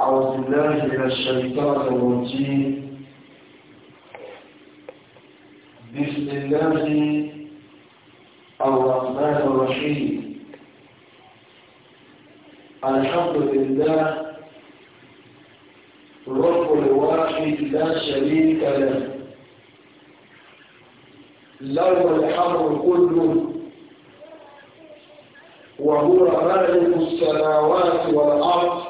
أعوذ بالله من الشيطان الرجيم بسم الله الرحمن الرحيم الحمد لله رب الواحد لا شريك له له الحمد كله وهو مالك السماوات والأرض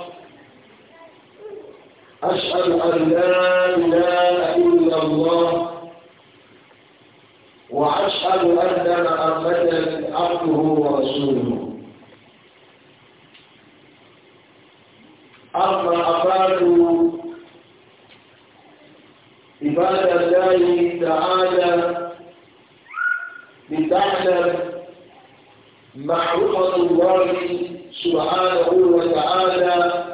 أشهد أن لا إله إلا الله وأشهد أن محمدا عبده ورسوله أما بعد عباد الله تعالى لتعلم معرفة الله سبحانه وتعالى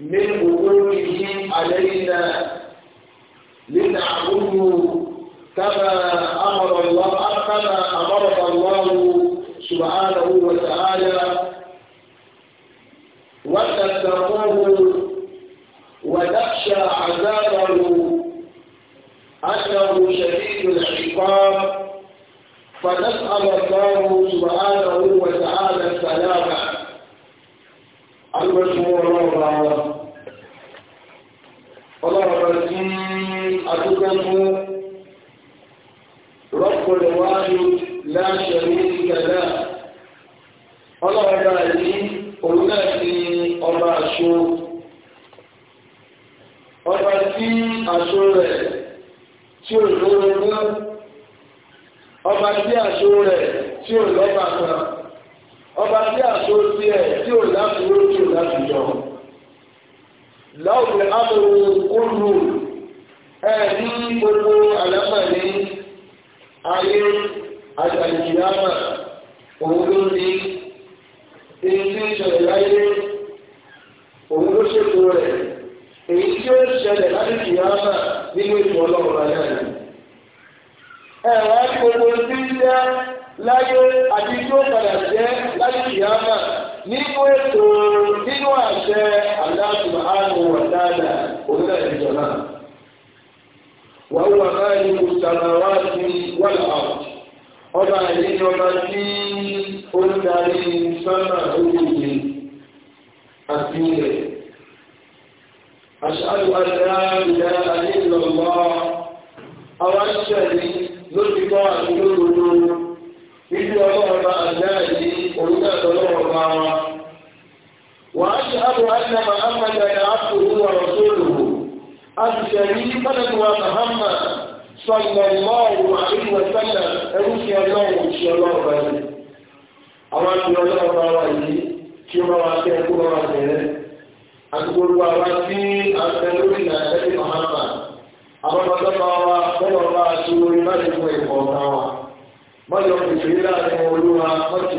من وجوده علينا لنعبده كما أمر الله كما امرك الله سبحانه وتعالى وتتقوه ونخشى عذابه أنه شديد العقاب فنسأل الله سبحانه وتعالى السلامة المشهور الله القيم رب الواحد لا شريك له الله bá yí òun náà ní ọba àṣọ ọba tí àṣọ rẹ̀ tí ò lórogún ọba tí àṣọ rẹ̀ tí ò lọ́ba kan ọba tí àṣọ tiẹ̀ tí ò láfiwé tí ò láfijọ́ láwùjọ àbúrò kúrú. ẹ ní gbogbo àlámà ní ayé àtàlìkìlámà òun ló ní èyí tí ń ṣẹlẹ̀ láyé òun ló ṣètò rẹ̀ èyí tí ó ṣẹlẹ̀ lálìkìlámà nínú ètò ọlọ́run láyé rẹ̀ ẹ wá tí ń jẹ́ láyé àti tí ó padà jẹ́ lálìkìlámà nínú ètò nínú àṣẹ aláàtúmọ̀ àrùn wà dáadáa òun náà wọ́n wà láàyè òṣàlàwà sí wàlà àwọ̀ ọba àyè ni ọba tí ó ń darí sánà olùgbé àti ilẹ̀ àṣàlù àṣà ìyá àyè ìlọ́gbọ́ àwọn aṣẹ́lẹ̀ lórí kọ́ àti lódodo nínú ọlọ́ọ̀ba àjá yìí òrùka tọ́lọ́ọ̀ba wa. wàá ṣe àbọ̀ àṣà màá mọ̀ ẹ̀yà àpò òun tó lò aṣiṣẹ́rí mọ́lẹ́kùnrin mahama sọ̀lọ̀ lọ́ọ̀rù àríwẹ̀ sẹ́lẹ̀ ẹrúfẹ́ ọlọ́run ti ọlọ́run báyìí àwọn àti ọlọ́run bá wà yìí tí ó máa tẹ ẹkú máa bẹ̀rẹ̀ àti gbogbo àwa tí àtẹ lórí ìlà ẹ̀rí mahama àwọn ọ̀dọ́ bá wa fẹ́ràn bá a ti orí má lè fún ẹ̀kọ́ ọ̀tá wa mọ́lẹ́kùnrin láàrin olúwa mọ́tì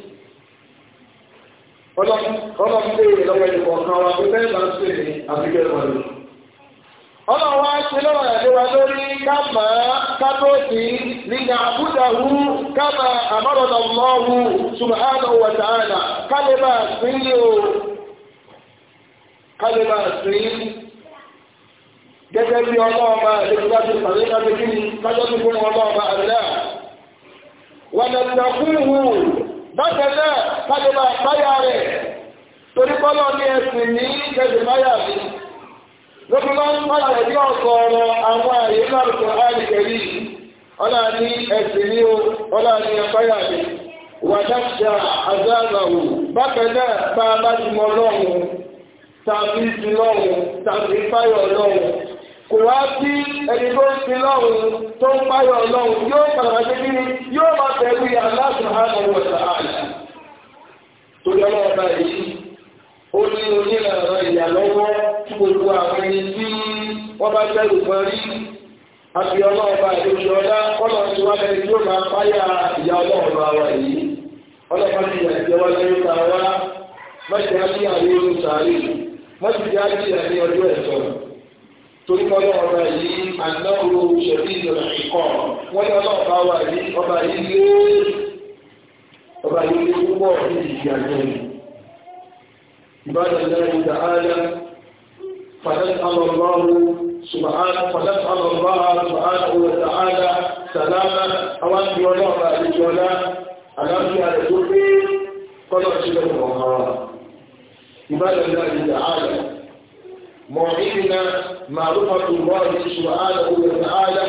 ọlọ́run béèrè lọ́wọ́ ẹni kọ̀ọ̀kan wa ṣe lọ́wọ́ ẹ̀ lórí kábà kábòsì nígbà àbúdàwù kábà àmọ́rọ̀dà mọ́ọ̀wù subhanahu wa bákan náà kájọ rẹ̀ torí pọ́lọ́ ní ẹ̀sìn ní kẹsì báyà mi lóbi ń báyà rẹ̀ ní ọ̀sọ̀ ọ̀rọ̀ àwọn àyè náà kò á ní ẹ̀sìn ní o ọ̀là ní ẹ̀ báyà a bá ti mọ tàbí ti tàbí fáyọ̀ kò wá bí ẹni tó ń sin lọ́hùn tó ń páyọ̀ lọ́hùn yóò padà ṣe kí ni yóò máa torí yìí ó ní tí gbogbo àwọn ẹni tí wọ́n bá jẹ́rù kan rí àti ọrụ ìlú ọlá ọlọ́ọ̀tí wá lẹ́yìn tí ó máa páyà ìyá yìí ní torí kọ́ lọ́wọ́ ọba yìí anáwó ṣẹ̀rí ìjọba ìkọ́ wọ́n ní ọlọ́wọ́ bá wà yìí ọba yìí lé ọba yìí lé púpọ̀ ní ìyá yẹn ìbára ìlànà ìgbà áyá fàdán alọ́láwọ́ subahán fàdán alọ́láwọ́ subahán owó sàádà sàlámà àwọn àti ọlọ́wọ́ àti ọlá àlàáfíà rẹ̀ tó pé kọ́lọ̀ sílẹ̀ mọ̀ ọ́ ìbára ìlànà موعدنا معرفة الله سبحانه وتعالى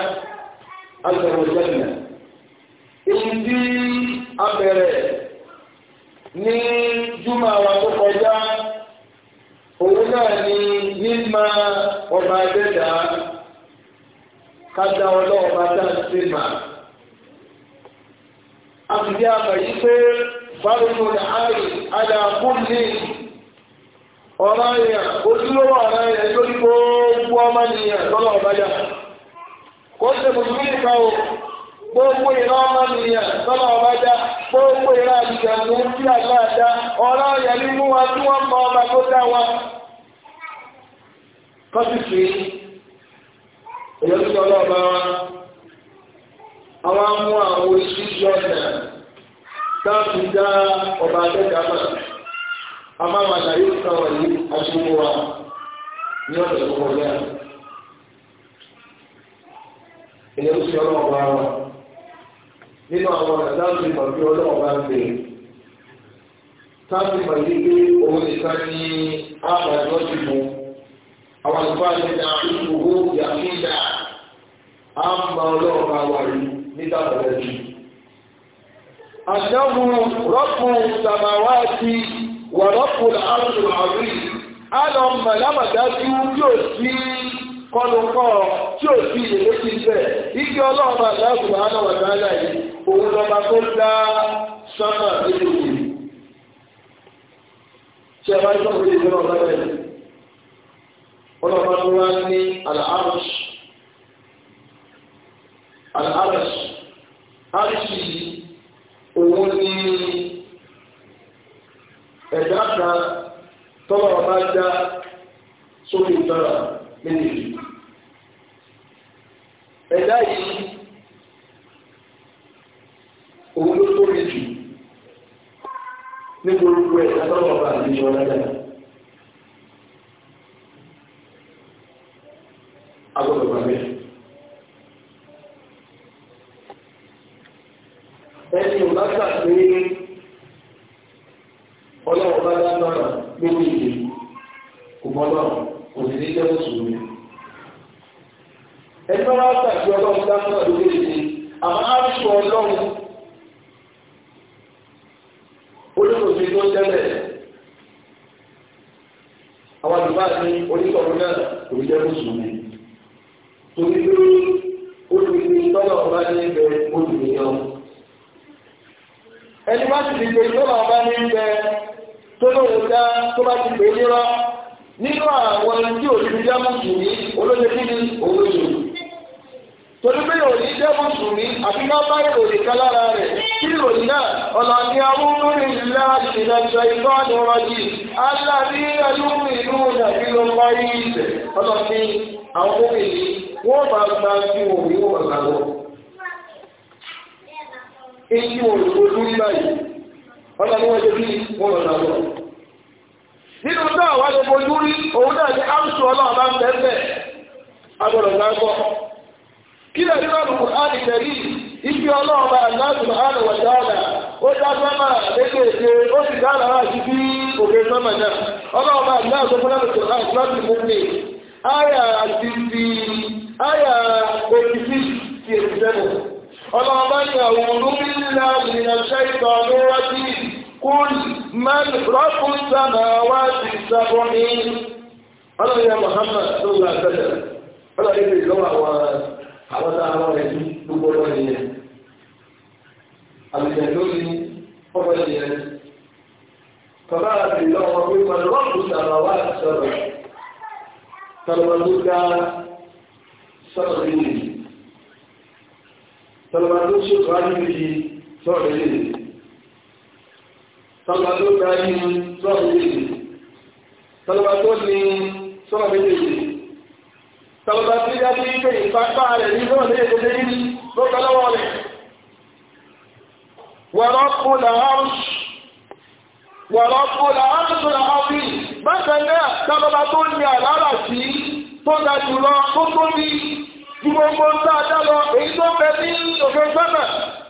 عز وجل ìdí abẹ̀rẹ̀ ní júmọ̀ àwọn tó kọjá òun náà ni mímọ̀ ọba ẹgbẹ́ta kájá ọlọ́ọ̀bá dáńtì mà á ti dí àmọ̀ pé báwo ni àárín àdàkùn ní ọ̀rọ̀ ya ojúlówó ọ̀rọ̀ èèyàn lórí gbogbo ọmọ nìyàn lọ́lọ́ ọ̀bájá kò ṣe mùsùlùmí o gbogbo ìran ọmọ nìyàn lọ́lọ́ ọ̀bájá gbogbo ìran àdìjẹ̀mú sí àgbàdá ọ̀rọ̀ èèyàn ní mú wa tí wọ́n mọ ọba tó dá wa. ìyọ́sí wa àwọn amú àwọn táàbù dá a máa ma ṣàyè ìtawà yìí aṣọ́wó wa ní ọ̀sẹ̀ tó kọjá. Ìyẹn ti ọlọ́wọ́ bá wa. Nínú àwọn ọ̀nà táwọn ìmọ̀ bí ọlọ́wọ́ bá ń bè. Táwọn ìmọ̀ yìí pé òun nìkan ní àbájọ́ ti mú. Àwọn àlùfáà ní ìdá ìfowó ìyàfíìdá. A máa ọlọ́wọ́ bá wà yìí nígbà pẹ̀lẹ́ jù. Àdáhùn rọ́pù sàmáwáàtì. wàlọ́pù àrùn àrí àlọ́ mọ̀lámàdájú yóò sí kọlùkọ́ tí ò sí ìrètí bẹ́ẹ̀ igi ọlọ́ọ̀bà dáàbò anáwàdáàlá yìí òun lọ́ba tó dá sọ́nà nínú ìlú ṣe bá ìlú ọ̀gá bẹ́ẹ̀ ọlọ́ba tó wá ní àrùsì òun ní. ẹ̀dá kan tọ́lọ̀ bá já sókè tọ́lọ̀ nínú ìlú. ẹ̀dá yìí òun ló tóbi jù ní gbogbo ẹ̀dá tọ́lọ̀ bá àlejò ọ̀lẹ́dà. agbọ́dọ̀ gbàgbé. ẹni ò lágbà pé ọlọ́run kò sì ní jẹ́ mùsùlùmí. ẹni bá wá gbàgbé ọlọ́run dáhùn náà lórí èdè àmọ́ á sọ ọlọ́run olóòtú tó tẹ́lẹ̀ àwọn àdúgbò àti onítọ̀rọ̀ náà kò ní jẹ́ mùsùlùmí. torí pé olùgbé tọ́lọ̀ bá ní ibẹ̀ olùgbé yẹn ẹni bá sì ti pé tọ́lọ̀ bá ní ibẹ̀ tó lóun tó bá ti pè é nírọ́ nínú àwọn tí ò ní jẹ́ mùsùlùmí olóde kí ni olóde torí pé òní jẹ́ mùsùlùmí àti ká bá ìròyìn kan lára rẹ̀ kí ìròyìn náà ọ̀nà ní amúnúrin ìlà ìdájọ ìgbà àdúrà yìí aláàbí ayúmí ìlú nàbí ló ń bá ìṣẹ̀ ọ̀nà ní àwọn òmìn yìí wọ́n bá gba sí òmìn wọn lọ́wọ́. èyí ò lórí báyìí ọ̀nà ní wọ́n ṣe bí wọ́n lọ́wọ́ nínú tó àwọn àjọpọ̀ ojú rí òun náà ní áùsù ọlọ́run bá ń bẹ́ẹ̀ agbọ̀dọ̀ gbàgbọ́ kí lè nínú àlùkù áàdì tẹ̀lé ibi ọlọ́run bá aláàbò àlọ́ wàjáàlà ó dá sọ́mà lékèké ó sì dá àlàrà sí bí òkè sọ́mà náà ọlọ́run bá aláàbò fún àlùkù áàdì láti mú mi áyà àti ti áyà òkìtì ti èkìtẹ́bù ọlọ́run bá ní àwọn olómìnira ìrìnàṣẹ́ ìtọ̀ قل من رب السماوات السبع ọlọ́run yẹn Muhammad tó wà sẹ́lẹ̀ ọlọ́run yẹn lè lọ́wọ́ àwọn àwọn tá a lọ́wọ́ rẹ̀ ní gbogbo ọlọ́run yẹn àlùjẹ رب السماوات السبع tọ́lọ́mọdún dá sọ́ọ̀rọ̀ yìí tọ́lọ́mọdún ṣètò tọ́lá tó darí sọ́ọ̀ méjèèjì tọ́lá tó ní sọ́ọ̀ méjèèjì tọ́lá tí yá sí pé ìfapá rẹ̀ ní sọ́ọ̀ méjèèjì ní lọ́kọ̀ lọ́wọ́ rẹ̀ wọ̀rọ̀kù làárùsù làárùsù bákan náà tọ́lá tó ní àlárà sí tó ga jùlọ tó tóbi gbogbo ń dáadáa lọ èyí tó fẹ́ ní òfin sọ́nà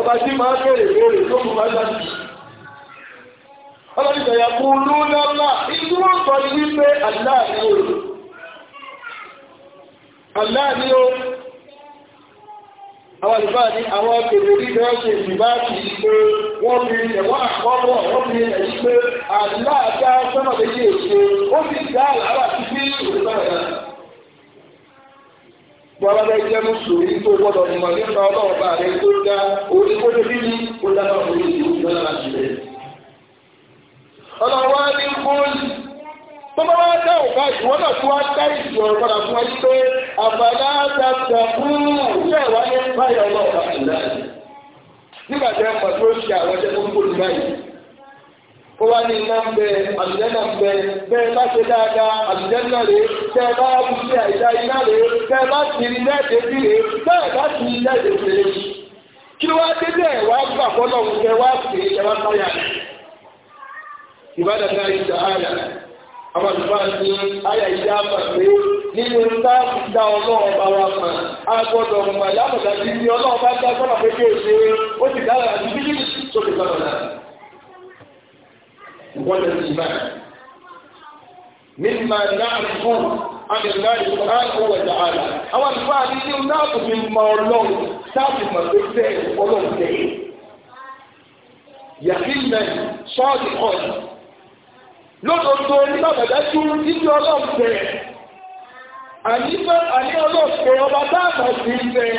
ọba tí máa bèèrè bèèrè tó mú máa dájú ọlọ́dún ìjọya kú lúlọ́lá ìlú wọn sọ ní wípé aláàní o aláàní o àwọn ìbá ní àwọn kèrè rí bẹ́ẹ̀ ṣe ìbá kì í pé wọ́n fi ẹ̀wọ́n àkọ́bọ̀ wọ́n fi ẹ̀yí pé aláàjá sọ́nà méjì èṣe ó fi dá àlàáfà sí bí òṣèlú wọ́n bá jẹ́ mùsùlùmí tó gbọ́dọ̀ mọ̀ nípa ọlọ́run bá rẹ̀ tó dá oníkóde bíbí ó dábàá fún mi ìlú náà láti rẹ̀. ọlọ́run wá ní bóyì tó bá wá dá òkà ìwọ́n náà tó wá dá ìsìn ọ̀rọ̀ padà fún ẹni pé àbàdá dàgbà fún ṣé ìwà báyọ̀ ọlọ́run bá ti rẹ̀. nígbà tí wọ́n mọ̀ tó ṣe àwọn ẹgbẹ́ tó ń gbòdì báyìí ó wá ní iná ń bẹ àlùjẹ́nà ń bẹ bẹ́ẹ̀ bá ṣe dáadáa àlùjẹ́nà rè bẹ́ẹ̀ bá wù sí àìdá iná rè bẹ́ẹ̀ bá ti rí lẹ́ẹ̀dẹ́ sí rè bẹ́ẹ̀ bá ti rí lẹ́ẹ̀dẹ́ sí rè kí wá dé bẹ́ẹ̀ wá gbà fọ́lọ́ ẹ wá sí rẹ̀ ìjà àyà àwọn àyà ìjà pé nínú ńlá ọlọ́run bá wa والإيمان مما نعرف عن الله سبحانه وتعالى àwọn àlùfáà ní ní láàbù mi mọ ọlọ́run táàbù mọ̀ tó tẹ ọlọ́run tẹ yàtìlẹ̀ sọ́ọ̀dì kan lódodo nígbàgbàdájú nínú ọlọ́run tẹ àní ọlọ́run tẹ ọba táàbù sí ibẹ̀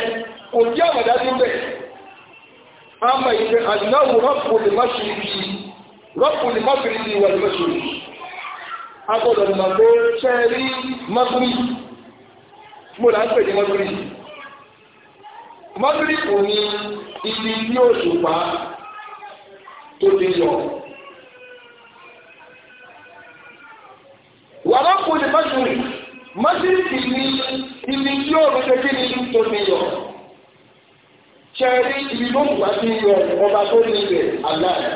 kò jẹ́ àgbàdájú bẹ̀ àmọ̀ ìfẹ́ àdínáwó rọ́pò lè má ṣe ibi rọ́pù ní mọ́bìnrin ní ìwà ìmọ̀ṣòrò agbọ́dọ̀ ní màgbé ṣẹ́ rí mọ́bìnrin mo là ń pè ní mọ́bìnrin mọ́bìnrin kò ní ibi ní òṣùpá tó ti yọ. wà rọ́pù ní mọ́bìnrin mọ́bìnrin ní ibi tí òòrùn ṣe kí ni tó ti yọ ṣẹ́ rí ibi lóògùn àti ìyọ̀ ọba tó ní ilẹ̀ àgbáyé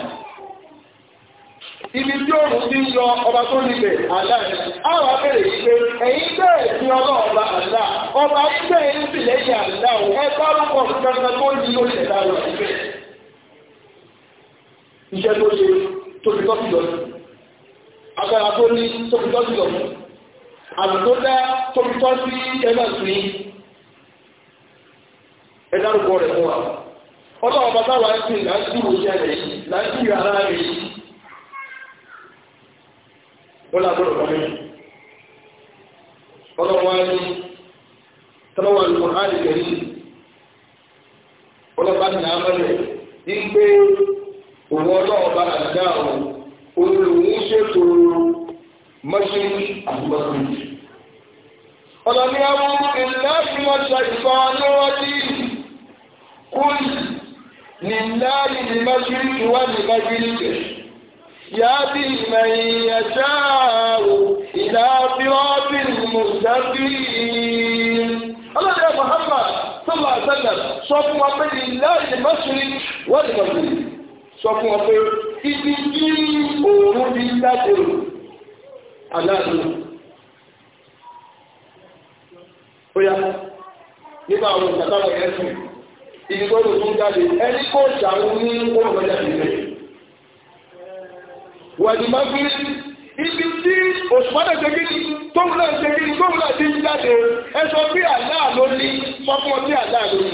ibi tí òun ti ń yọ ọba tó níbẹ̀ àdá ni àwọn abẹ́rẹ́ yìí pé ẹ̀yin bẹ́ẹ̀ ni ọlọ́ọ̀ba àdá ọba bẹ́ẹ̀ ń sì lẹ́yìn àdá o ẹ bá rúkọ̀ kankan tó yí ó ṣẹ̀dá lọ síbẹ̀. iṣẹ́ tó ṣe tóbi tọ́jú lọ sí agbára tó ní tóbi tọ́jú lọ sí àmì tó dá tóbi tọ́jú ẹgbẹ́ sí ẹ dárúkọ ó lágbọ́dọ̀ wọlé ọlọ́wọ́ ní tọ́lọ́wọ́ ní ọ̀hánì kẹrí ọlọ́pàá ní àmọ́lẹ̀ ní pé òun ọlọ́ọ̀bá àdá òun olùwọ́n ṣètò mọ́ṣíní àbúgbọ́sọ̀rọ̀ ọlọ́ni àwọn ìlà tí wọ́n ṣe ìfọ́ lọ́wọ́dí kúlì nílá ìdìmọ́ṣíní wà ní bá gbé níkẹ̀ẹ́ يهدي من يشاء إلى صراط مستقيم الله يا محمد صلى الله عليه وسلم صفوا من الله المشرق والمغرب صفوا من ibi tí òun ti dájú aláàánú ó yá nípa àwọn ìgbàláwọ̀ ẹ̀sùn ìgbóòrò tó ń jáde ẹni kó ṣàwọn ní ó lọ jáde bẹ́ẹ̀ wàlìmọ́gírí ibi tí òṣùmọ́dé ṣegírí tóun náà ṣegírí tóun náà ti ń jáde ẹ sọ bí àdáà ló ní sọ fún ọ bí àdáà ló ní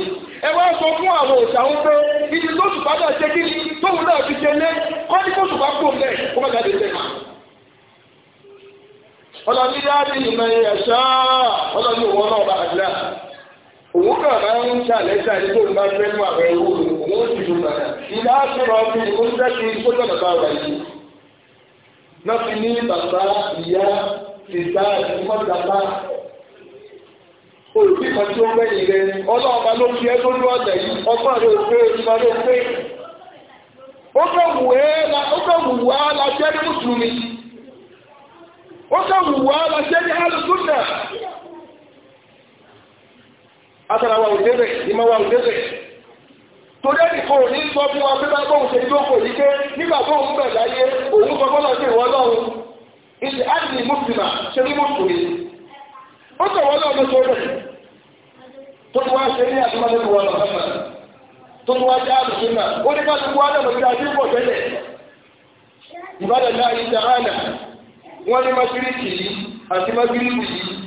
ẹ wá sọ fún àwọn òṣàwọn pé ibi tó ṣùpádà ṣegírí tóun náà ti ṣe lé kọ́ ní kó ṣùpá kò mẹ́ kó má jáde lẹ́ka. ọlọ́ni dáadé ìmọ̀ ẹ̀ṣá ọlọ́ni òwò náà bá àdúrà òun kàn máa ń ṣàlẹ́ ṣàlẹ́ tó ń bá fẹ́ mú àwọn ẹ̀rọ òun ó sì dùn bàtà ìdá náà fi ní bàbá ìyá ìta ìmọ̀tàbá olùbí kan tí ó mẹ́yìn rẹ ọlọ́ọ̀bá ló fi ẹ́ lórí ọ̀dẹ̀ yìí ọgbọ́n rẹ̀ ò pé ìgbà rẹ̀ ò pé ó fẹ́ wù wá lájẹ́ ní mùsùlùmí ó fẹ́ wù wá lájẹ́ ní alùsùnà àtàràwà òdẹ́rẹ̀ ìmọ̀wà òdẹ́rẹ̀ torí ẹnìkan ò ní sọ fún wa pé bá bóun ṣe ló kò yí pé nígbà bóun bẹ̀ láyé òun sọ fọ́lọ́ sí ìwọ àdìní mùsùlùmá ṣe ní mùsùlùmí ó wọ́n tó rẹ̀ tó ti wá ṣe ní tó tó ti wá ṣe ó ní wá tó pọ̀ tẹ́lẹ̀ wọ́n ní yìí àti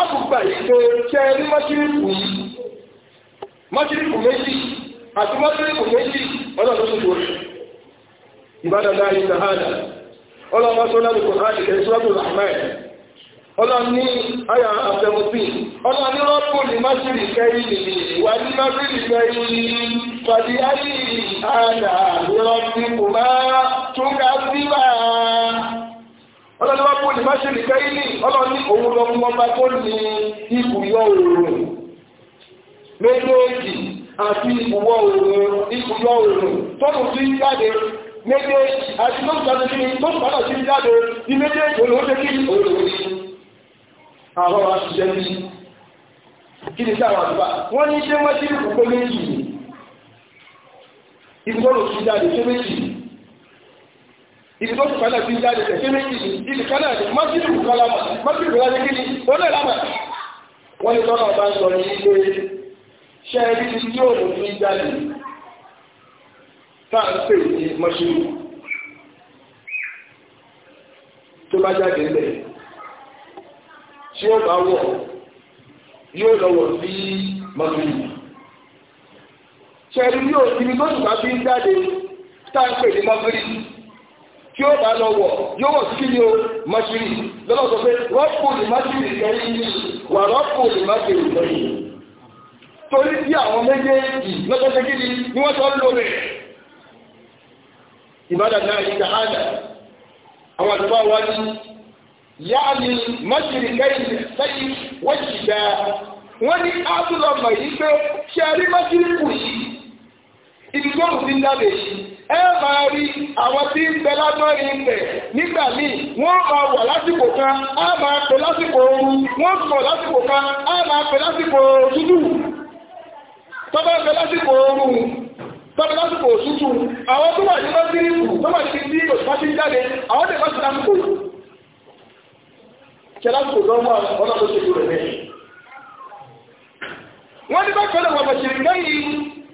àbùgbà ìpè ṣe ní mọ́ṣírífù yìí mọ́ṣírífù méjì àti mọ́ṣírífù méjì ọlọ́run tó wọlé ìbádọ́dá yìí sàhádà ọlọ́run ọlọ́run wá bó ní máṣe lè kẹ́ ilé ọlọ́run ní òun lọ mú ọba tó ní ibùyọ òòrùn méjèèjì àti ibùwọ òòrùn ibùyọ òòrùn tọ́nù sí jáde méjèèjì àti tó jáde sí tó padà sí jáde ní méjèèjì olóòjé kí òòrùn ní àwọn aṣiṣẹ́ ní kí ni sáwọn àdúgbà wọ́n ní ṣé wọ́n sí ibùkọ́ méjì ibùkọ́ lòsí jáde ṣé méjì ibi tó ṣùgbọ́n náà fi jáde tẹ̀sí méjì ibi kan náà ni mọ́sílù kọlámà mọ́sílù kọlámà kí ni ó lè lámà wọ́n ní tọ́nà bá ń sọ ní ilé ṣẹ́ rí ti yóò lò fi jáde táà ń pè ní mọ́sílù tó bá jáde lẹ̀ tí ó bá wọ̀ yóò lọ́wọ́ sí mọ́sílù ṣẹ́ rí yóò ibi tó ṣùgbọ́n fi jáde táà ń pè ní mọ́sílù tí ó bá lọ wọ̀ yóò wọ̀ sí kíni o máṣírì lọ́nà sọ pé rọ́pò lè máṣírì kẹ́yìn wà rọ́pò lè máṣírì kẹ́yìn torí bí àwọn méjèèjì lọ́sọ̀ọ́sẹ́ kíni ni wọ́n sọ ń lò rẹ̀ ìbádà náà yìí ká ádà àwọn àtàbà wa ní yáàni máṣírì kẹ́yìn sẹ́yìn wọ́n sì dá wọ́n ní ádùlọ́mọ̀ yìí pé ṣe àrí máṣírì kù yìí ibi tó kù sí ń dábẹ̀ ẹ máa rí àwọn tí ń bẹ lágbọ́nrin ilẹ̀ nígbà míì wọ́n máa wà lásìkò kan á máa pè lásìkò ooru wọ́n sùn lásìkò kan á máa lásìkò òtútù tọ́bá ń lásìkò ooru lásìkò òtútù àwọn tó wà tó wà ti jáde àwọn tẹ̀ lásìkò lásìkò ọ̀nà tó ṣe wọ́n ní bá kọ́lẹ̀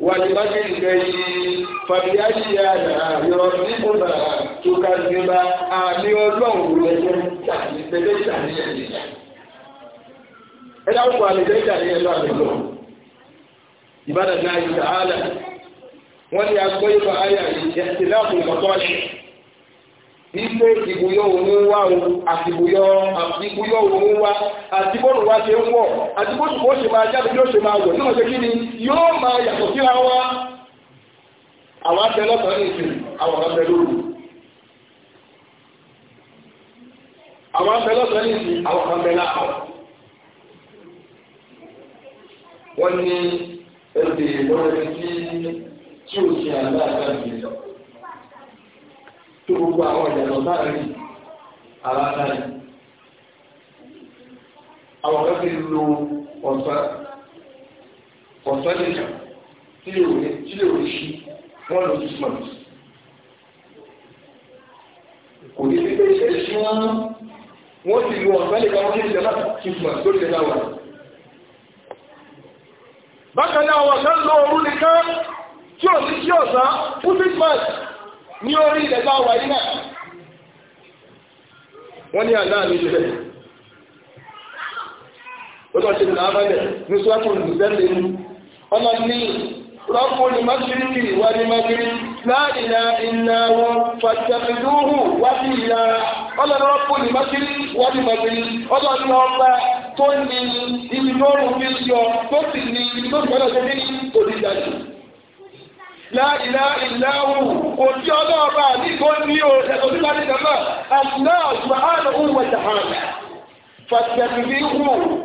ولمجد الكريم فبأي آلاء ربكما تكذبا àmì ọlọ́run rẹ̀ jẹ́ ìṣẹ̀lẹ̀ ìṣàlẹ̀ ẹ̀yẹ. ẹ dákun àmì ìṣẹ̀lẹ̀ ìṣàlẹ̀ ẹ̀yẹ lọ́wọ́ àbẹ̀lọ́. ìbádà náà yìí sàálà wọ́n ní agbó ìfà ayà ìṣẹ̀lẹ̀ láàbù ìmọ̀tọ́lẹ̀. ilé ìbùyọ̀ òun wá àtìbùyọ̀ òun wá àti bọ́ọ̀lù wa ṣe ń wọ̀ àti bóṣù bó ṣe máa jáde yóò ṣe máa wọ̀ náà ṣe kí ni yóò máa yàtọ̀ síra wa àwọn abẹ lọ́sàn-án ní ìsìn àwọn abẹ lóru àwọn abẹ lọ́sàn-án ní ìsìn àwọn abẹ láàárọ̀ wọ́n ní ẹ̀sìn ìwọ́n ti tí ò ṣe àdáàdá ìgbésọ̀ tó gbogbo àwọn ìyàtọ̀ sáà rí àlàáfíà yìí àwọn kan ti lo ọ̀sán ọ̀sán nìkan tí lè wòye tí lè wòye sí wọ́n lò six months. kò ní sí pé ṣe sí wọn wọ́n ti lo ọ̀sán nìkan wọ́n ti lè má six months lórí ẹ̀dá wa. bákan náà àwọn kan lo òru nìkan tí ò ní sí ọ̀sán fún six months ní orí ẹ̀dá wa yìí náà. wọ́n ní àná àmì ìṣẹ̀lẹ̀ ó lọ ṣe làámẹ́lẹ̀ ní sọ́kùn ìdẹ́lẹ̀ ní ọ̀nà ní rọ́pùn mọ́síríkì wà ní mọ́sírí láàrínà iná wọn fàtàkìdúhù wà ní ìlara ọlọ́nà rọ́pùn mọ́sírí wà ní mọ́sírí ọlọ́nà ọba tó ní ibi lóòrùn fi yọ tó sì ní ibi tó tó ní òdìdàjù láàrínà iná wọn kò tí ọlọ́ọ̀bà ní kò ní òṣèlú láti dàgbà àti náà ṣùgbọ́n àrùn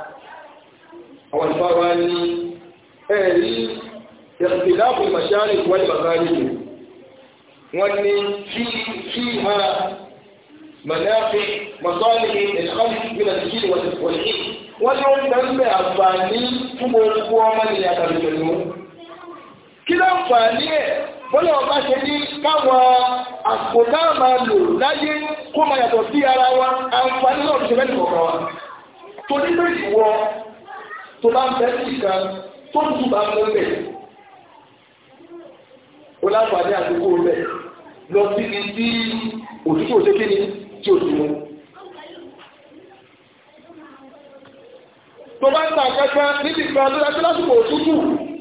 àwọn ìfáwa ní ẹ̀rí ìrìnláàbù ìmọ̀ṣáàrì wọ́n ìmọ̀kárí wọ́n ní kí kí ha mọ̀láfí mọ̀sọ́ọ̀lì ìṣọ́lì ìgbìmọ̀ sí kíni wọ́n ti pọ̀ sí. wọ́n ní wọ́n ń bẹ àǹfààní fún gbogbo ọmọ ní àtàlù pẹ̀lú. bọ́lá ọba ṣe ní káwọn àkótá máa lò láyé kó máa yàtọ̀ sí ara wa àǹfààní náà ti ṣe wa. torí pé ìwọ tó bá ń bẹ́ẹ̀ sí kan tó ń tún bá ń bẹ́ẹ̀ bẹ́ẹ̀ ó láǹfààní àdúgbò bẹ́ẹ̀ lọ sí ibi tí òtútù òṣèké ni tí ò sí mu. tó bá ń ta akẹ́kẹ́ níbi ìgbà tó dájú lásìkò òtútù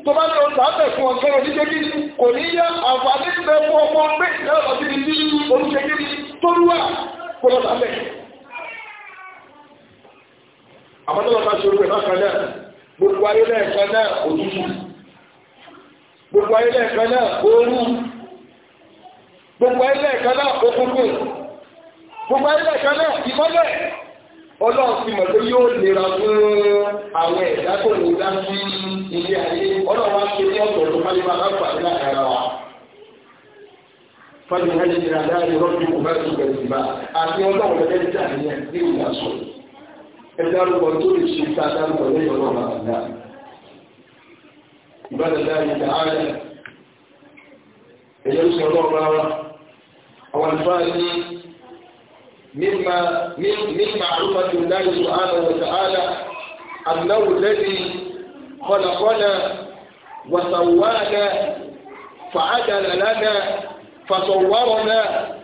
tó bá ń lọ sàáfẹ̀ fún ọ̀kẹ́ oníṣẹ́kí kò ní yá àǹfààní ti bẹ fún ọmọ pé ìdáwọ̀ lọ sí ibi tó lúwà kó lọ sàáfẹ̀. àbátọ́lọ́ta ṣe orúkọ ìbáṣ gbogbo ayé lẹ́ẹ̀kan náà òtútù gbogbo ayé lẹ́ẹ̀kan náà gbogbo ayé lẹ́ẹ̀kan náà gbogbo ayé lẹ́ẹ̀kan náà ìmọ́lẹ̀ ọlọ́run ti mọ̀ pé yóò lera fún àwọn ẹ̀dá tó lè dá sí ilé ayé ọlọ́run wá ṣe ní ọ̀tọ̀ tó máa ń bá wa. ní ọlọ́run ní ẹ̀ ní ṣe النار عباد الله تعالى يجلس الله هو الفائز مما من من معرفة الله سبحانه وتعالى أنه الذي خلقنا وسوانا فعدل لنا فصورنا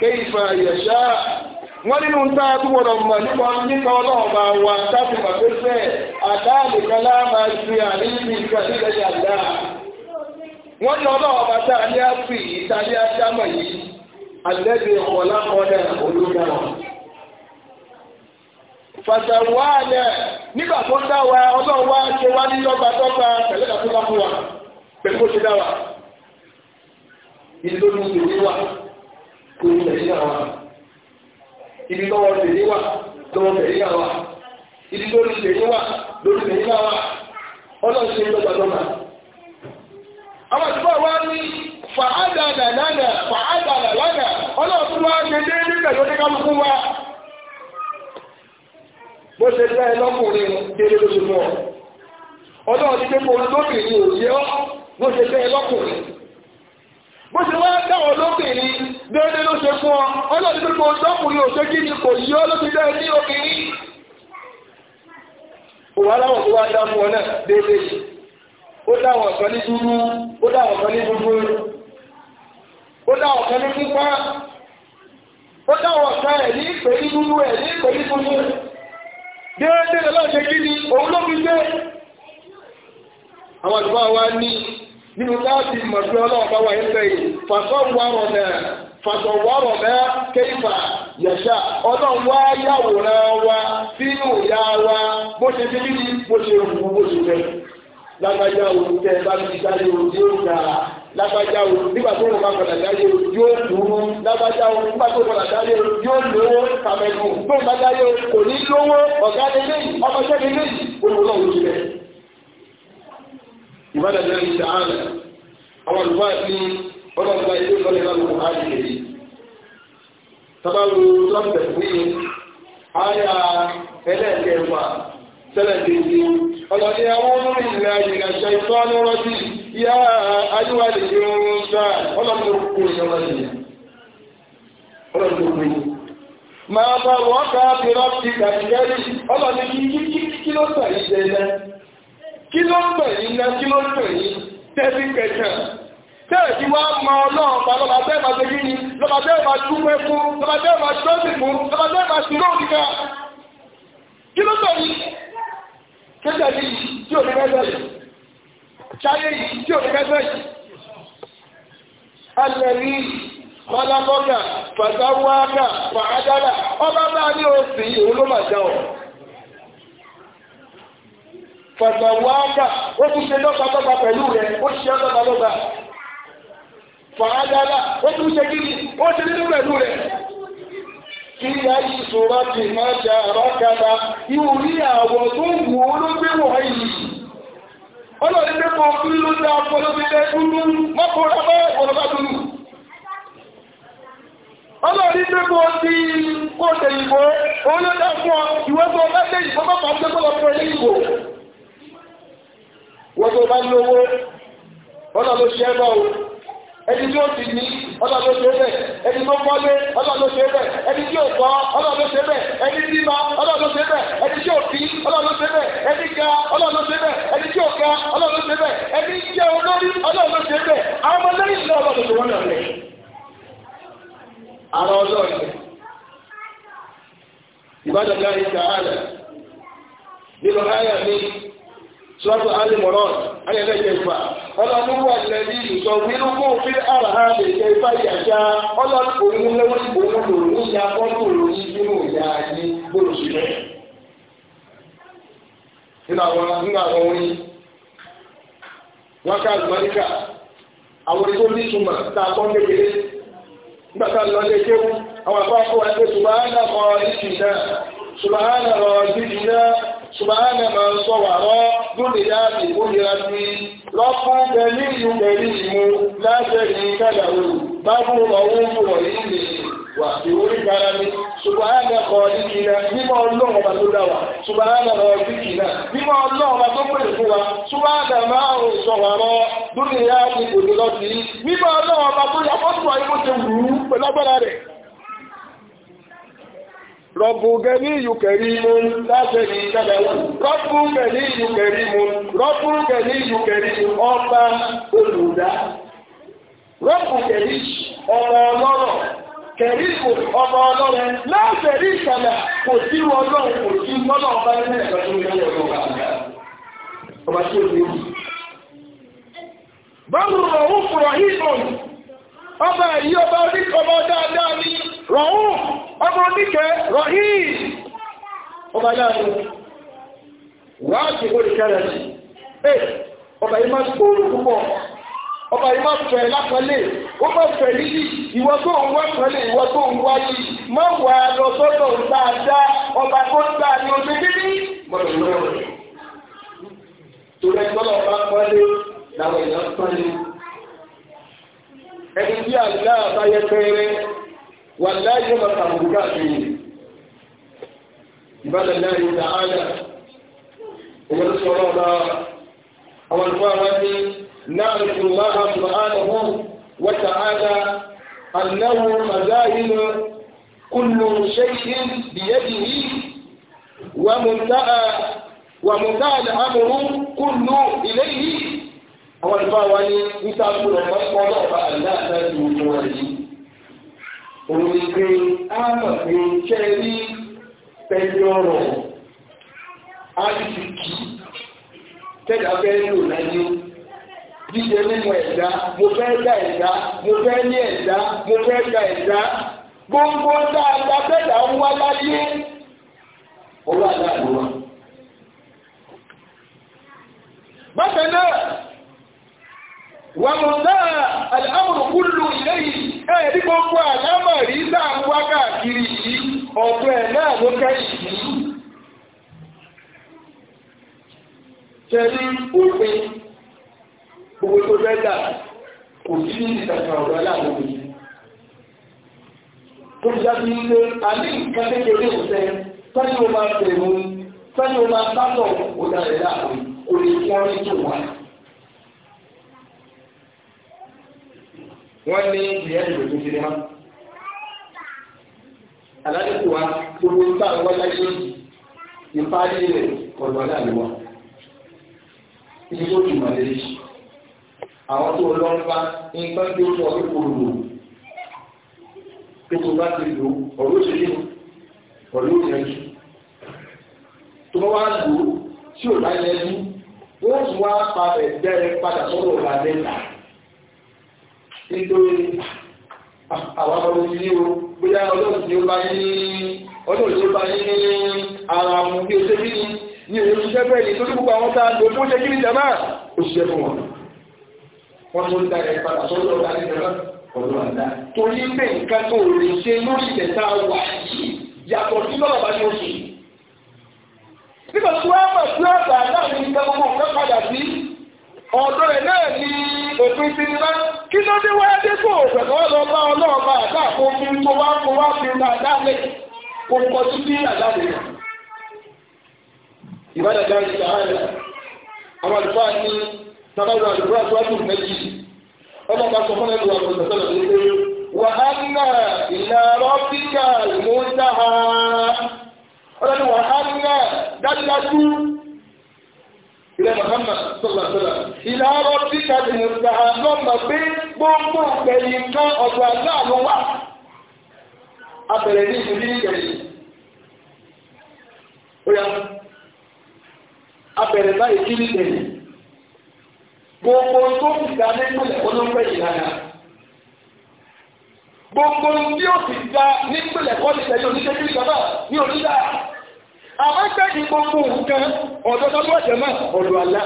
كيف يشاء wọ́n nínú tá a tún gbọ́dọ̀ mọ̀ nípa nípa ọlọ́run wa káfí màgbésẹ̀ àdáàlì kan láà máa ṣe àníyàn ìgbà nílẹ̀ yàrá. wọ́n ní ọlọ́run tá a ní àpì yìí tá a ní yìí àlẹ́bí nígbà tó dá wa ṣe wá ní lọ́gbà tọ́gbà ibi tọwọ́ tèmi wà tọwọ́ tèmi náà wa. ibi lórí tèmi wà lórí tèmi náà wà ọlọ́run ṣe lọ́gbàdọ́gbà. àwọn àtúbọ̀ wá ní fàádàdà lánà fàádàdà lánà ọlọ́run tún wá ṣe déédéé pẹ̀lú oníkálukú wa. bó ṣe dá ẹ lọ́kùnrin déédéé ló mọ́ ọlọ́run ti dé kó lóbìnrin òye bó ṣe dá ẹ lọ́kùnrin bó ṣe wá dá ọ lóbìnrin déédéé ló ṣe fún ọ ọlọ́dún pípọ̀ ọ̀dọ́kùnrin òṣè kí ni kò yí ọ ló ní obìnrin òwà láwọn tó wá dá fún déédéé ó dáwọn kan ní dúdú ó dáwọn ní ó dáwọn ní pípa ó dáwọn ẹ̀ ní ìpè ní dúdú ẹ̀ ní ìpè ní déédéé ni òun ló fi àwọn àdúgbò wa ní nínú láti fàtọ̀wọ́rọ̀ bẹ́ẹ̀ kéfà yẹ̀ṣà ọlọ́run wá yàwòrán wa sínú ìyá wa bó ṣe fi níbi bó ṣe wù bó ṣe fẹ́. lágbájá o tẹ bá mi sáré o tí ó ga lágbájá o nígbà tó wọn bá padà dáyé o yóò dúró lágbájá o nígbà tó padà dáyé o yóò lówó kàmẹ́nu tó ń bá dáyé o kò ní lówó ọ̀gá lélẹ́yìn ọmọdé lélẹ́yìn olùwọ́n òṣèlè. ìbádàá ọlọ́ nípa ilé ìfọ́lẹ̀ náà lóko á lè yí. Tọ́ba wo lọ́pẹ̀ fún yín, á yà ẹlẹ́ẹ̀kẹfà sẹ́lẹ̀ kejì. Ọlọ́ni àwọn olórí ìlà ìlà ṣe ìtọ́ alọ́rọ́jì yá ayúwa lè ṣe oorun sá ọlọ́ni ló kó ìjọba lè yá. Ọlọ́ni ló kó yín. Màá bá wọ́n ká pírọ́pì kí kí ló tẹ̀ jẹ́ náà? Kí ló ń tẹ̀ yín Kí ló ń tẹ̀ Tẹ́bí kẹ̀kẹ́ tẹ́ẹ̀ tí wá ma ọlọ́ọ̀pá lọ́ba tẹ́ẹ̀ máa gbẹ́gbẹ́ ni lọ́ba tẹ́ẹ̀ máa dúpẹ́ fún lọ́ba tẹ́ẹ̀ máa jọ́sìn fún lọ́ba tẹ́ẹ̀ máa ṣùgbọ́n òkìkà kí ló tọ̀ yìí kẹ́tẹ̀ tí ò ní kẹ́tẹ̀ yìí ṣáyé yìí tí ò ní kẹ́tẹ̀ yìí alẹ́ rí kọ́lákọ́gà pàtàwágà ọba bá ní òsì òun ló mà já ọ pàtàwágà ó tún ṣe lọ́gbàdọ́gba fara ó tún ṣe kí ni ó ṣe nínú pẹ̀lú rẹ̀ kí ìṣòro ti máa ṣe àbákàtà ihò ní àwọ̀ tó wù ó ló gbé wọ̀ yìí ọlọ́rin pé kò fún ló dá ọpọlọpẹ dúdú mọ́kànlá bá ọ̀pọ̀lọpá dúdú ọlọ́rin sí ìbò fún ọ ìwé tó bá ìbò bá bá ẹni tí ó ti ní ọlọ́dọ̀ ṣe bẹ̀ ẹni tó kọ́lé ọlọ́dọ̀ ṣe bẹ̀ ẹni tí ó kọ́ ọlọ́dọ̀ ṣe bẹ̀ ẹni tí ma ọlọ́dọ̀ ṣe bẹ̀ ga ọlọ́dọ̀ ṣe bẹ̀ ẹni tí ó ga ọlọ́dọ̀ ṣe bẹ̀ ẹni ọlọ́run wà lẹ́yìn ìsọ wíwú fi àrà lèkẹ́ ifá ìyàjá ọlọ́run kò ní lẹ́wọ́ ìbò lòlò níyà fọ́tò òròyìn nínú ìyá ayé gbòòrò sí nínú àwọn a kọ́ kékeré nígbà tá a lọ lé àwọn ìṣìṣẹ́ subahana máa ń sọ wàrọ́ lóde dáàbì ó yẹra sí i lọ́kùn pẹ̀lú ìlú pẹ̀lú ìmú láṣẹ ní kàdàwó bábú ọ̀hún bùrọ̀ yìí lè wà sí orí kára mi subahana kọ ìkìlá mímọ́ ọlọ́run ọba tó dá wa subahana kọ ìkìlá mímọ́ ọlọ́run ọba tó pèlè fún wa subahana máa ń sọ wàrọ́ lóde dáàbì kò lè lọ sí i mímọ́ ọlọ́run ọba tó yà fọ́tò àyíkó ti wù ú pẹ̀lú agbára rẹ̀ rọ́bù gẹ̀lí yùkẹ̀rí mu láti ní ìjọba rọ́bù gẹ̀lí yùkẹ̀rí mu rọ́bù gẹ̀lí yùkẹ̀rí ọba olùdá rọ́bù gẹ̀lí ọba ọlọ́rọ̀ kẹ̀rí kò ọba ọlọ́rọ̀ láti rí ìkàlà kò sí ọlọ́run kò sí mọ́nà ọba nílẹ̀ ọba tó ń báwo rọ̀ ó fọ̀rọ̀ yìí bọ̀ ọba yìí ọba orí ọba dáadáa ní rọ̀hún ọmọ oníkẹ́ rọ̀hìn ọba yára wà á ti gbórí kẹrẹ sí ẹ ọba yìí máa tóóró púpọ̀ ọba yìí máa fẹ̀ lápẹ́lẹ̀ ó máa fẹ̀ níyì ìwọ tó ń wá pẹ́lẹ̀ ìwọ tó ń wá yìí má wà á lọ sọ́dọ̀ dáadáa ọba tó ń dáa ní oṣù kíní ẹni tí àgbà àbáyẹ pẹ́rẹ́ والله ما تبقى فيه بل الله تعالى ورسول الله أول فارس نعرف الله سبحانه وتعالى أنه مزاهم كل شيء بيده ومنتهى ومنتهى الأمر كله إليه أول فارس نتعرف الله سبحانه وتعالى òrìgbé ámàgbé kẹ́rí pẹ̀lọ́rọ̀ áìsìkì tẹ́gbàfẹ́ lò láyé jíjẹ nínú ẹ̀dá mo fẹ́ dá ẹ̀dá mo fẹ́ ní ẹ̀dá mo fẹ́ dá ẹ̀dá gbogbo dáadáa bẹ́ẹ̀dá ń wá láyé ọlọ́ àdáàlú wa. bákan náà wàmùsá àlámùrù kúlù ilé yìí ẹ̀rí gbogbo àlámà rí sáàmù wákàkiri yìí ọ̀dọ̀ ẹ̀ náà ló kẹ́yìn yìí. Ṣẹ̀rí òfin gbogbo tó fẹ́ dà kò sí ìtàkà ọ̀dọ̀ aláàbò yìí. Tó fi dájú ilé àní nǹkan kékeré òfẹ́ sẹ́yìn wọ́n ní ìyá ìgbè tó ti rí hàn. Àlálẹ́kù wa gbogbo ń bá àwọn láyé ìparí rẹ̀ ọ̀dọ̀ aláàlúwa. Ibi tó ti mọ̀ lélẹ̀. Àwọn tó lọ ń bá nǹkan tó sọ pé kò lò. Gbogbo bá ti lò ọ̀rọ̀ òṣèlú ọ̀rọ̀ òṣèlú. Tó wá lò tí ò bá yẹ ní, wọ́n tún wá pa ẹ̀gbẹ́ rẹ̀ padà sọ́dọ̀ ọ̀gá mẹ́ta nítorí ah, àwọn ọmọ ìdílé o bóyá ọlọ́run ni ó bá yín ní ọlọ́run ó bá yín ní ara mu bí o ṣe bí ni ní òun ṣiṣẹ́ bẹ́ẹ̀ ni torí gbogbo àwọn tá a lò fún ṣe kí ni jàmbá ó ṣiṣẹ́ fún wọn. wọ́n tó ń da ẹ̀ padà sọ́dọ̀ ọ̀gá ní jàmbá ọ̀dọ̀ àdá. torí pé nǹkan tó lè ṣe lórí ìtẹ̀ta wà yìí yàtọ̀ sí bọ́lá bá ní oṣù. nígbà tó wá pàṣẹ àgbà náà ní ọ̀dọ́ ẹ̀ náà ni òfin ti nílá kí ló dé wáyé dé kó pẹ̀lú ọlọ́ba ọlọ́ọ̀ba àtàkó fún tó wá fún wá fi ra dálé kó kọ bí àdáde rẹ̀. ìbádàjá àwọn wájú sọ fún ẹgbẹ̀rún ha wà á ilẹ̀ Muhammad sọ̀lọ̀sọ̀lọ̀ ilẹ̀ ọ̀rọ̀ títà ti mú sàá lọ́mọ pé gbogbo ìgbẹ̀yìn kan ọ̀dọ̀ aláàánú wà abẹ̀rẹ̀ ní ìlú ní ìgbẹ̀yìn ó yá abẹ̀rẹ̀ báyìí kí ní ìgbẹ̀yìn gbogbo tó fi dá nípìnlẹ̀ olóńgbẹ̀ ìlànà gbogbo tí ó fi dá nípìnlẹ̀ kọ́ni àmọ́ tẹ́jì gbogbo nǹkan ọ̀dọ́ tọ́jú ọ̀jẹ̀ máa ọ̀rọ̀ àlá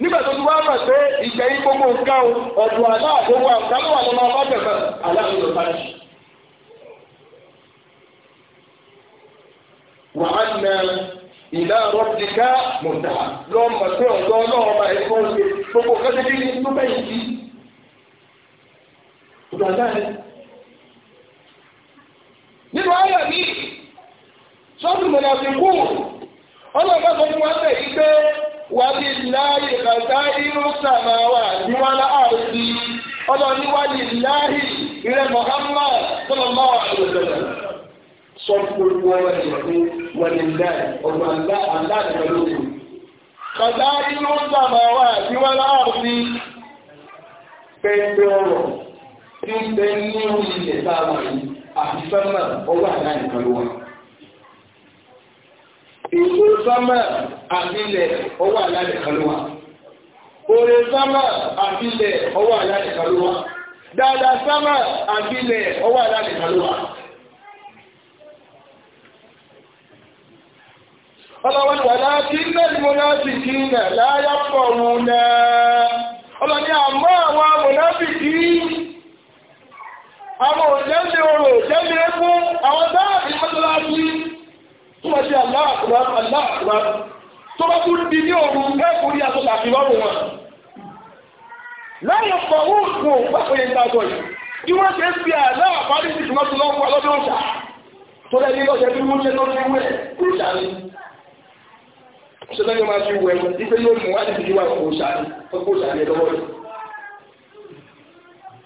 nígbà tó ti wá mọ̀ pé ìgbẹ̀yìn gbogbo nǹkan ọ̀dọ̀ àlá àgbogbo àgbàmọ́ àwọn ọmọ ọlọ́bẹ̀ kan aláàbò parí. wà á nà ìlà rọ́bìkà mọ̀tà lọ mọ̀ pé ọ̀dọ́ ọlọ́run máa ẹ̀kọ́ ṣe gbogbo kẹ́tẹ́ bí tó bẹ́yìn sí. ọ̀dọ̀ àlá rẹ̀ nínú ayọ̀ mi sọ́ọ̀tù mọ̀nàfíkù ọlọ́ọ̀bá sọ fún wa tẹ̀ yí pé wà á lè láàyè irú sàmáwà ní wọn láàrú sí ọlọ́ọ̀ni wà lè ilẹ̀ Muhammad sọ́nà pẹ́ẹ́pẹ́ ọ̀rọ̀ tí ń bẹ ní àti Ìlú sọ́mà àbílẹ̀ ọwọ́ aláàdì kalúwa. Orí sọ́mà ọwọ́ Dada sọ́mà àbílẹ̀ ọwọ́ aláàdì kalúwa. Ọlọ́wọ́n wà láti ilẹ̀ láyá pọ̀ àwọn àwọn tó wọ́n ṣe aláàkùnrin aláàkùnrin tó bá tún di ní òru ẹ̀kúrí àtọ́ta fi lọ́rùn wọn. láyọ̀ pọ̀ owó òkú òun pàpẹ́ yẹn ta sọ yìí bí wọ́n ṣe ń fi àlá àpárí sí ìtumọ̀ tó lọ́wọ́ lọ́dún ọ̀sà tó lẹ́ ní lọ́sẹ̀ bí wọ́n ṣe lọ́dún ìwé òòṣà ni. ṣẹlẹ́ yóò máa fi wẹ̀ ipe yóò mú wájú ìdí wa òòṣà ni òòṣà ni ẹ̀dọ́wọ́ rẹ̀.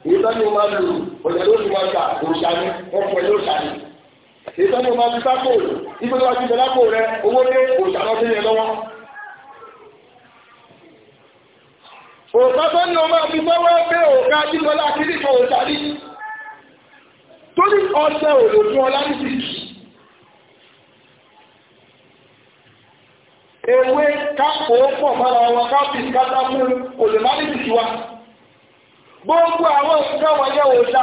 ìyẹ́tọ́ ni ó máa lù ọ̀dẹ̀ ló ti máa ta òòṣà ni wọ́n fọ ẹ̀ lóòṣà ni ètò ní ọmọ ọdún sápò ibi tó wá sí ibẹ̀ lápò rẹ owó dé òṣàlọ́ sí yẹn lọ́wọ́. òṣà tó ní ọmọ ọdún sọ́wọ́ pé òkà jíjọ láti rí kan òṣà rí torí ọjọ́ òdò fún ọlá ní sí ewé kápò pọ̀ mọ́ra wọn kápì kátà fún kò lè gbogbo àwọn òṣìṣẹ́ wọn jẹ́ òṣà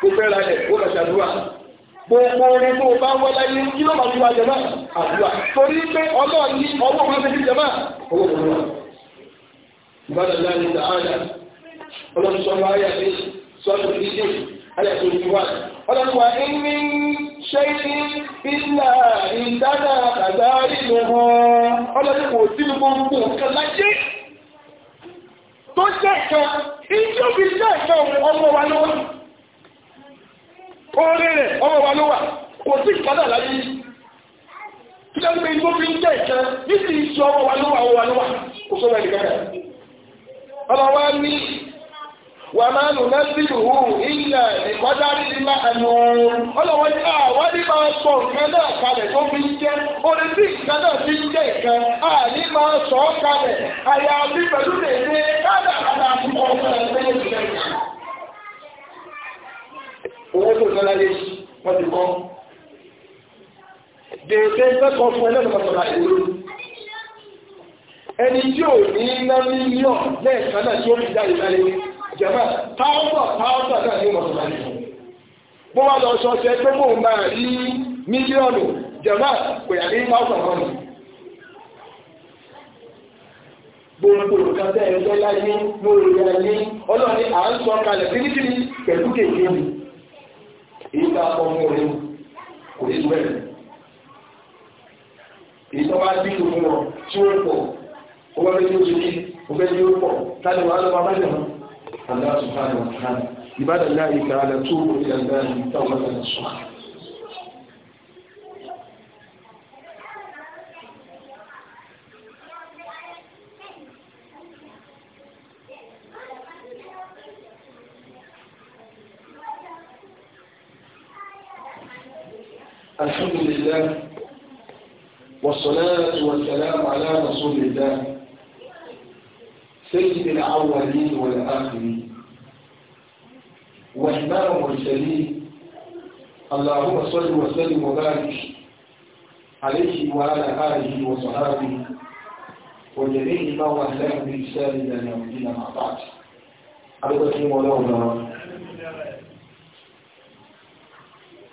kò fẹ́ ra lẹ̀ kó lọ ṣàdúrà gbogbo orin tó bá wọ́n láyé kí ló máa fi wá jẹ̀mọ́ àdúrà torí pé ọlọ́run ní ọwọ́ máa fi jẹ̀mọ́ owó kò lọ. ìbádàá láti ta àyà ọlọ́run sọ wá àyà mi sọ́ọ̀tù ìdíje àyà tó ti wá. ọlọ́run wà ní ní ìlà ìdáná àgbáyé lọ́wọ́ ọlọ́run kò sí gbogbo nǹkan láyé tó jẹ́ kan ìjọba ìjọba ọmọ wa lọ́wọ́. oore rẹ̀ ọmọ wa ló wà kò sí ìkádà láyé kí ló gbé igbó fi ń jẹ́ ìkẹ́ níbi ìṣe ọmọ wa ló wà ọmọ wa ló wà kò sọ wẹ́ẹ̀ nìkan ọmọ wa ní wà máa nù ilẹ̀ ọlọ́wọ́ ní àwọn sọ náà kalẹ̀ tó fi ń jẹ́ orí náà fi ń jẹ́ owó tó sọ láyé wọ́n ti kọ́ dèédé lẹ́kọ̀ọ́ fún ẹlẹ́kọ̀ọ́sọ̀rọ̀ ìlú ẹni tí ò ní ná mílíọ̀n lẹ́ẹ̀kan náà tí ó fi jáde láyé jẹ̀mọ́ táwọ́pọ̀ táwọ́pọ̀ náà ní ìmọ̀sọ̀rọ̀ ìlú bó wá lọ sọ ṣe pé mòun máa rí mílíọ̀nù jẹ̀mọ́ kò yà ní táwọ́pọ̀ náà nù gbogbo nǹkan tẹ́ ẹgbẹ́ láyé lórí ayé ọlọ́ni à ń sọ kalẹ̀ kíníkíní pẹ̀lú kéèké mi èyí tá a kọ́ fún orí kò ní tó bẹ̀rẹ̀ èyí tó bá dín fún wọn tí ó pọ̀ ó bá fẹ́ tí ó ṣe kí ó fẹ́ tí ó pọ̀ táyọ̀ wà lọ́wọ́ bá jẹ̀ wọn. Allah subhanahu wa ta'ala ibadallah ta'ala tubu الحمد لله والصلاة والسلام على رسول الله سيد الأولين والآخرين وإمام المرسلين اللهم صل وسلم وبارك عليه وعلى آله وصحابه وجميع ما وأهلاه بإحسان إلى يوم مع بعض أبو بكر مولاه الله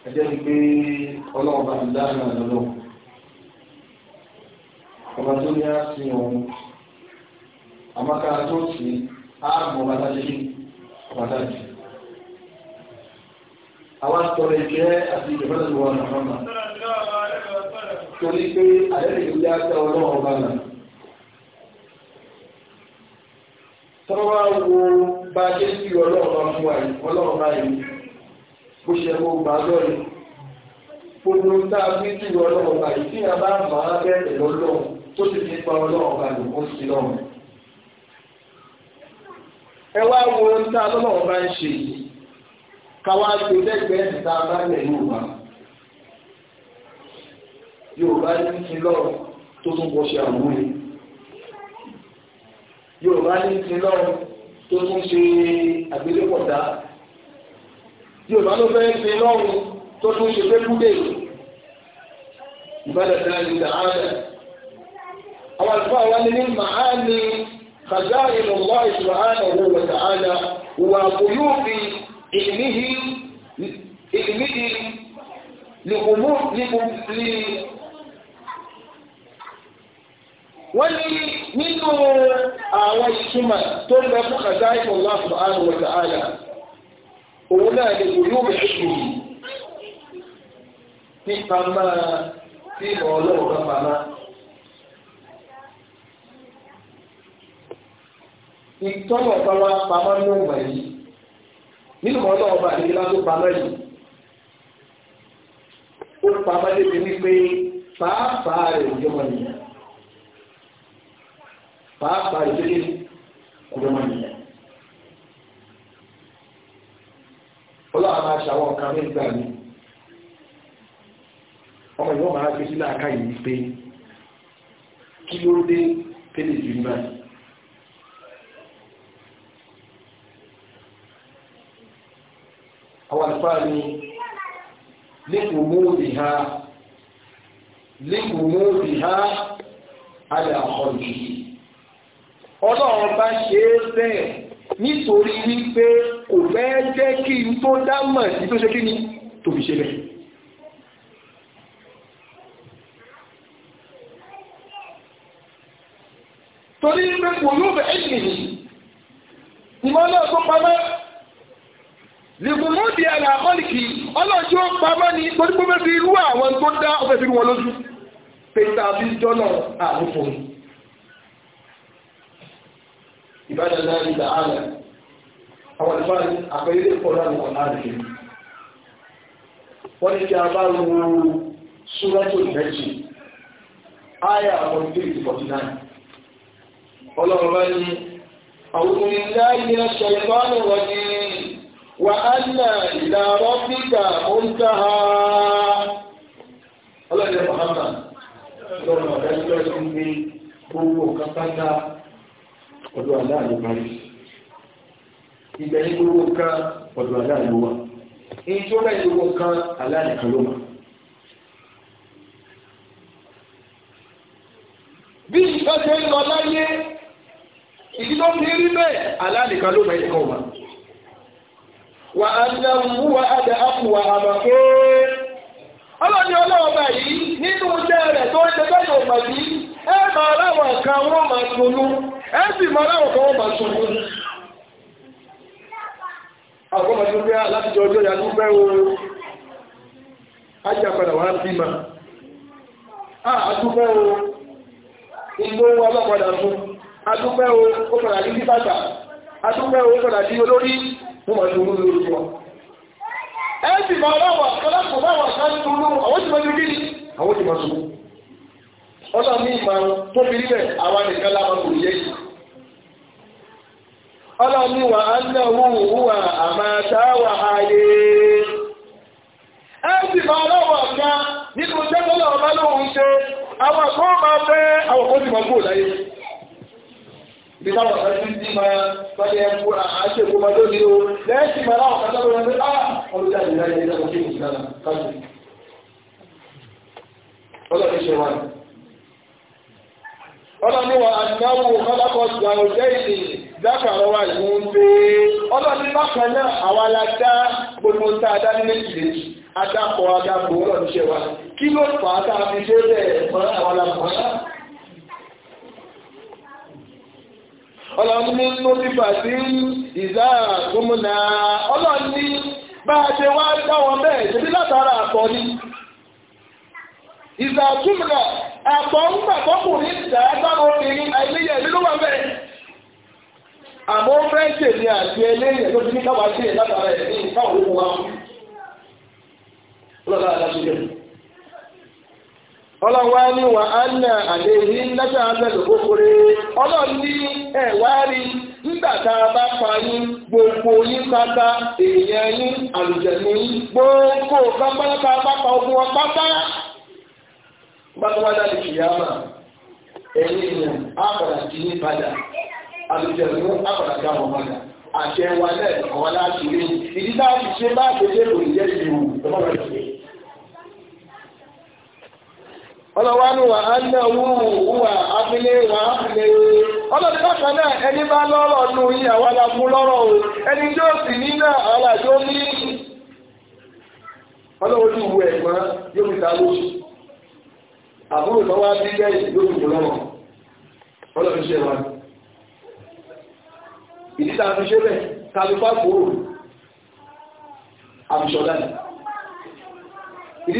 أجل ọlọ́ọ̀bá ìdáhùn àlọ́lọ́ ọba tó ní á sí ọ̀hún àmọ́ká tó sì áàmù ọba tá a ṣe ọba tá a jù àwọn atọ́rọ ìjẹ́ àti ìjọba tó wà náà mọ́mọ́ torí pé àyẹ̀lẹ̀ ìlú dáadáa ọlọ́ọ̀bá náà tọ́wọ́ wo bá a ṣe sí ọlọ́ọ̀bá fún wa yìí ọlọ́ọ̀bá yìí bó ṣe kó gbà lọ́yìí gbogbo tá a fi jù ọlọ́run bá yìí tí a bá máa bẹ̀rẹ̀ lọ́lọ́run tó sì ti pa ọlọ́run bá lò ó sí lọ́run. ẹ wá wo ohun tá a lọ́lọ́run bá ń ṣe yìí káwá gbé lẹ́gbẹ̀ẹ́ níta bá lẹ̀ Yorùbá Yorùbá ní ti lọ́run tó tún bọ́ ṣe àwúre Yorùbá ní ti lọ́run tó tún ṣe àgbélépọ̀dá Yorùbá ló fẹ́ ṣe lọ́run tó tún ṣe pé kúdè yìí. بلدا تعالى أو الفاول معاني خزائن الله سبحانه وتعالى وقيوب علمه علمه لغموض wọ́n ní nínú àwọn ìtumọ̀ tó ń bẹ fún khaza'in Allah subhanahu wa ta'ala òun náà lè gbòyó bẹ̀rẹ̀ ṣùgbọ́n nípa máa tí ìmọ̀ ọlọ́run bá pamọ́. ìtọ́nà bá wá pamọ́ ní ọgbà yìí nínú ọlọ́run bá àdéhùn láti pamọ́ yìí ó pamọ́ débi wípé pàápàá rẹ̀ ìjọba nìyẹn pàápàá ìdílé ìjọba nìyẹn. ọlọ́run máa ṣàwọn kan ní ìgbà yìí ọmọ ìwọ́n máa gbé sílá aká yìí pé kí ló dé tẹ́lẹ̀ jù náà àwọn àlùfáà ni lẹ́kùn mọ́ọ̀dì ha lẹ́kùn mọ́ọ̀dì ha alẹ́ àkọ́jù ọlọ́run bá ṣe é bẹ́ẹ̀ nítorí wípé kò fẹ́ jẹ́ kí n tó dá mọ̀ sí tó ṣe kí ni tòbí ṣe bẹ́ẹ̀. torí pé kò yóò bẹ̀ ẹ́ nìyí ìmọ̀lẹ́ ọ̀tún pamẹ́ lìgbòmọ́dì àlà àmọ́lìkì ọlọ́jọ́ pamẹ́ ni torí pé fẹ́ fi irú àwọn tó dá ọfẹ́ fi wọn lójú pété àbí dọ́là àlùfò ìbádàlá ìgbà àlà àwọn ìbára àpẹẹrẹ ìfọ̀rọ̀ àwọn ọ̀nà àdìgbì wọ́n ní kí a bá ru súrẹ́tò ìrẹ́jì áyà 43-49 ọlọ́run bá ní أعوذ بالله من الشيطان الرجيم وأن إلى ربك منتهى ọlọ́run yẹn Muhammad ọlọ́run ọ̀gá ẹgbẹ́ tó ń gbé gbogbo kápátá ọ̀dọ̀ aláàlú parí ìgbẹ̀yìn gbogbo kan ọ̀dọ̀ aláàlú wa ìjọba ìgbogbo kan aláàlú ti rí bẹ́ẹ̀ aláàlìkan ló bẹ̀rẹ̀ kan wà. wà á wà á ápù wà á ọlọ́ni ọlọ́ọ̀bà yìí nínú iṣẹ́ rẹ̀ tó ń ṣe yóò mà sí ẹ máa láwọn kan wọ́n máa sunú ẹ sì máa láwọn kan wọ́n máa sunú. àwọn ọmọ tó fẹ́ látijọ́ ọjọ́ yà ló o ajá padà wá bímọ. a àtúfẹ́ o ìgbó wa lọ́padà fún adúpẹ́ o ó padà di bíbàtà adúpẹ́ o ó padà di olórí mo mọ̀ sí olórí lórí wọn. ẹ sì máa ọlọ́wọ̀ ọlọ́pọ̀ báwọn kan ń dúró àwọn tí wọ́n ti kí ni àwọn tí wọ́n sọ. ọlọ́run ní ìmọ̀ tó fi rí bẹ́ẹ̀ àwa nìkan láwọn kò yẹ yìí. ọlọ́run ní wà á ń náà wúwà àmàṣà wà áyé ẹ́sì máa lọ́wọ́ ọ̀gá nínú jẹ́gọ́lọ́ ọ̀bá lóhun ṣe àwọn kan máa bí táwọn ọ̀sán ti ń dì máa pàdé ẹ̀kú àṣẹ ìkómọ lónìí o lẹ́yìn tí màá láwọn kátó lọ́wọ́ ah! ni á ọlọ́jà ìlú ayé ẹ̀dá kò kéwì sílára káàkiri. ọlọ́run ṣe wà ní. ọlọ́run wà àdáwò kọ́lákọ́ gba ọjọ́ ìlì dákàrọ̀ wà ní ń pé ọlọ́run bákan náà àwa la dá gbogbo tá a dá ní méjìlélì adakọ̀ adakọ̀ ni ṣe wà kí ló fà á tá a fi ṣe bẹ́ẹ̀ ọlọ́run ní lórífà ìzá gómìnà ọlọ́run bá a ṣe wá dáwọn bẹ́ẹ̀ ṣebí látara àpọ̀ ni ìzá gómìnà àpọ̀ ń obìnrin nínú bẹ́ẹ̀ àmọ́ fẹ́ àti tó ti ní káwá sí ẹ̀ látara ẹ̀ ní òkú wa ọlọ ní wà á nà àléhí lẹ́tà àbẹ̀lẹ̀ kókòrè ní ẹ̀ wá rí nígbà tá a gbogbo yín pátá èèyàn yín gbogbo bá pa ogun wọn pátá gbàgbọ́dá kìyàmà ẹ̀yìn padà àlùjẹ̀mí àpàdà dá wọn padà ìdí táwọn ti ṣe bá jẹ́ ìlú ọmọ rẹ̀ ọlọ́wánú wa anáwó wà abúlé wà abúlé ọlọ́dún bákan náà ẹni bá lọ́rọ̀ nù yí àwọn lọ́rọ̀ o ẹni tó sì ní náà àwọn ní ọlọ́wọ́ ní ìwú ẹ̀gbọ́n yóò fi dáwó àbúrò tó wá bí yóò fi lọ́rọ̀ ọlọ́dún ṣe wá ìdí tá a fi ṣe bẹ́ẹ̀ ìdí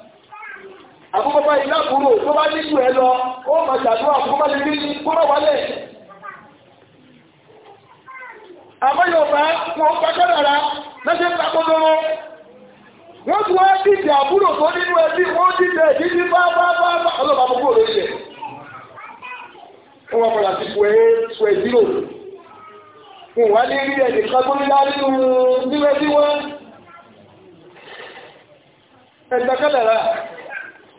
àkókòpá ilé àbúrò tó bá nílùú ẹ lọ ó mọ̀ ṣàdúrà kó bá lè rí kúrò wálẹ̀. àmọ́ yorùbá wọn ń gbàgbọ́ rárá lọ́sẹ̀ ń gbàgbọ́ lọ́wọ́. wọ́n tún wá dìde àbúrò tó nínú ẹbí wọ́n dìde ìdíjí bá bá bá bá ọlọ́pàá mú kúrò lórí rẹ̀. ó wọ́n padà sí fún ẹ fún ẹ zero. wọn wá ní rí ẹnìkan gómìnà nínú nínú ẹbí wọn. ẹ̀ńtàkàdàrà.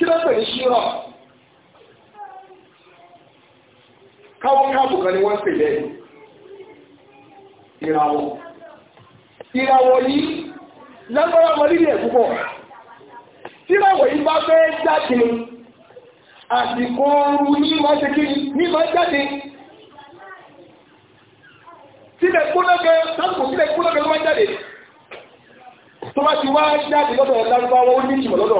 kí ló pè ní ṣírọ̀ káwọ́káwọ́ kan ni wọ́n pè lẹ́yìn ìràwọ̀ ìràwọ̀ yìí lágbára wọlé ní ẹ̀kúkọ̀ tíràwọ̀ yìí bá fẹ́ jáde àsìkò ooru ní máa ṣe kí ní máa jáde sílẹ̀ kúlọ́gẹ́ sáàkùn sílẹ̀ kúlọ́gẹ́ ló máa jáde tó bá ti wá jáde lọ́dọ̀ lárúbáwọ́ ó ní ìṣìmọ̀ lọ́dọ̀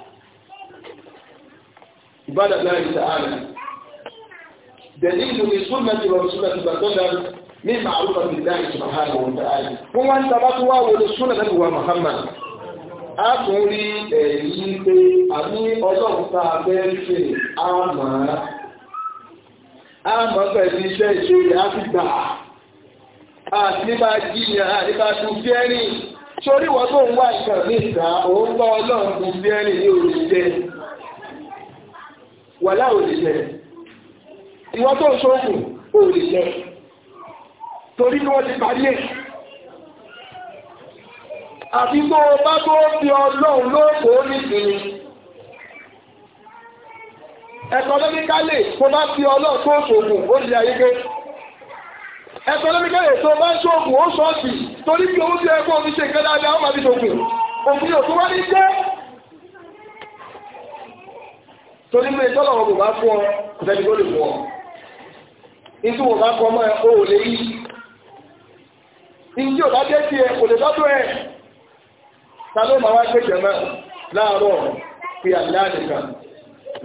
عباد الله تعالى دليل من سنة ورسولة بدلا من معروفة الله سبحانه وتعالى هو أن تبطوا ورسولة هو محمد أقولي èyí pé àmì ọlọ́run tá a fẹ́ ṣe àmọ́ àmọ́ pẹ̀lú iṣẹ́ ìṣòro àfìgbà àti nípa jìyà nípa tún fẹ́rìn torí wọ́n tó ń wá ìkànnì ìta òun bá ọlọ́run tún fẹ́rìn ní òrùjẹ́ wà láà òṣìṣẹ́ ìwọ́n tó ṣókùn òṣìṣẹ́ torí ní wọ́n ti parí ẹ̀ àti tó bá tó fi ọlọ́run lóòpó nìsinmi ẹ̀kọ́lọ́míkálè tó bá fi ọlọ́run tó ṣògùn ó di ayé pé ẹ̀kọ́lọ́míkálè tó bá ṣògùn ó sọ́ọ̀tì torí kí owó tí ẹgbẹ́ torí pé tọ́lọ̀ wọn kò fún ọ ìfẹ́ni lè ọ ìtú wọn bá ẹ o lè yí ìdí òbá jẹ́ tiẹ̀ kò lè tọ́tọ́ ẹ ta ló wá pé jẹ̀mọ́ láàárọ̀ fi àlá nìkan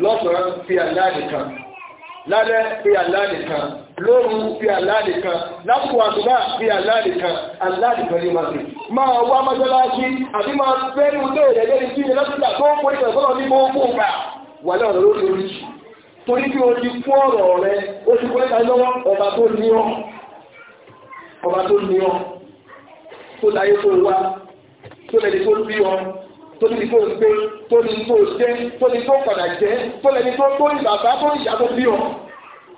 lọ́sàn-án fi àlá nìkan lálẹ́ fi àlá nìkan lóru fi àlá nìkan lásìkò àtúbà fi àlá nìkan àlá nìkan ní máa fi máa wá mọ́jọ́lá sí wà ní ọ̀rọ̀ lórí orí torí bí o ti kú ọ̀rọ̀ rẹ ó ti kú ẹ̀ka lọ́wọ́ ọba tó ní ọ́ ọba tó ní ọ́ tó láyé tó wá tó lẹ́ni tó bí ọ tó ní tó gbé tó ní tó jẹ́ tó ní tó padà jẹ́ tó lẹ́ni tó tó ní bàbá tó ní ìyá tó bí ọ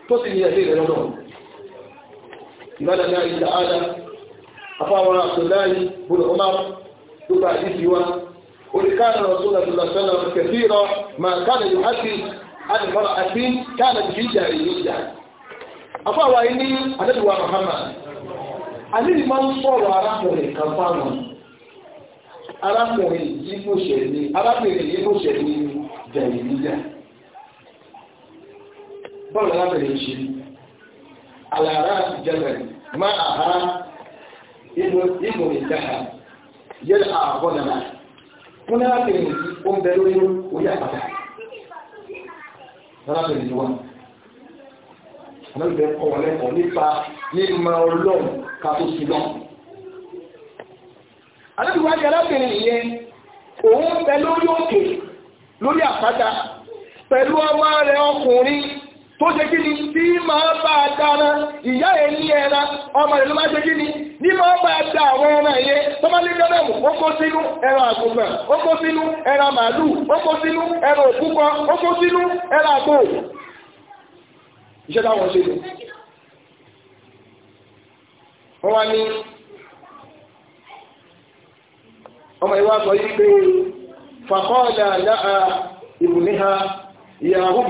tó sì ní ẹ̀lẹ́ rẹ lọ́dọ̀ ìbádàdà ìdáhàdà afáwọn àtúndáyì bùrọ̀ ọmọ tó bá àdìsí wa وإذ كان رسول الله صلى الله عليه وسلم كثيرا ما كان يحدث عن المرأة كانت في جاهلية afáwa yìí ní adẹ́dùwà Muhammad alẹ́lì máa ń sọ̀rọ̀ arákùnrin kan fáwọn arákùnrin yìí kò ṣẹ̀lẹ̀ arákùnrin yìí kò ṣẹ̀lẹ̀ jẹ̀lẹ̀lẹ́jà bọ́ọ̀lù arábìnrin ṣe alàrá jẹ̀lẹ̀ máa àhá ìmọ̀ ìdáhà yẹ́lẹ̀ àbọ̀dàlà wọ́n ní arábìnrin yìí ó ń bẹ lórí orí àpáta arábìnrin yìí wà anábìnrin bẹ kọ́ wọn lẹ́kọ̀ọ́ nípa mímọ̀ ọlọ́run ká tó sí lọ. anábìnrin wájú arábìnrin yìí òun ń bẹ lórí òkè lórí àpáta pẹ̀lú ọmọ rẹ̀ ọkùnrin tó ṣe kí ni tí máa bá a dáná ìyá ẹ̀ ní ọmọ rẹ̀ ló máa ṣe kí ni ní máa bá da àwọn ẹran ẹ̀yẹ tọ́mọ́lé dọ́lẹ̀mù ó kó sínú ẹran àgùnbọ̀n ó kó sínú ẹran màálù ó kó sínú ẹran òkúkọ ó kó sínú ẹran àgbò iṣẹ́ táwọn ṣe lò wọ́n wá ní ọmọ ìwà sọ yí pé fàkọ́ọ̀dà láà ìbùníhà ìyàwó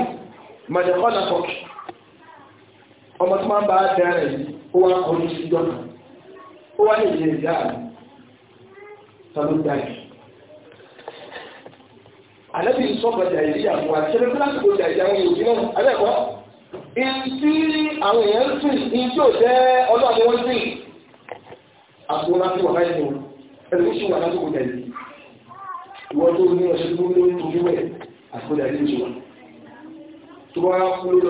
mọ̀dẹ̀kọ́nà kọ̀kì ọmọ tó máa ń bá dẹ́rẹ̀ yìí ó wá kọjú sí jọ́nà ó wá lè yẹ ìyá rẹ̀ tọ́lú dáì àlẹ́bí sọ́kọ̀jà ìyá àwọn àtẹ́lẹ́ fúlásìkòjà ìyá àwọn òbí náà alẹ́kọ̀ọ́ ìtí àwọn èèyàn ń sìn ní tí ò jẹ́ ọlọ́run ni wọ́n sìn àpò láti wà láì fún ẹni tó ṣì wà lásìkò jà yìí ìwọ́n tó ní ọ̀ṣẹ́ tó ló ń tojú ẹ̀ àtìkòjà yìí ti wà tó bá kú lórí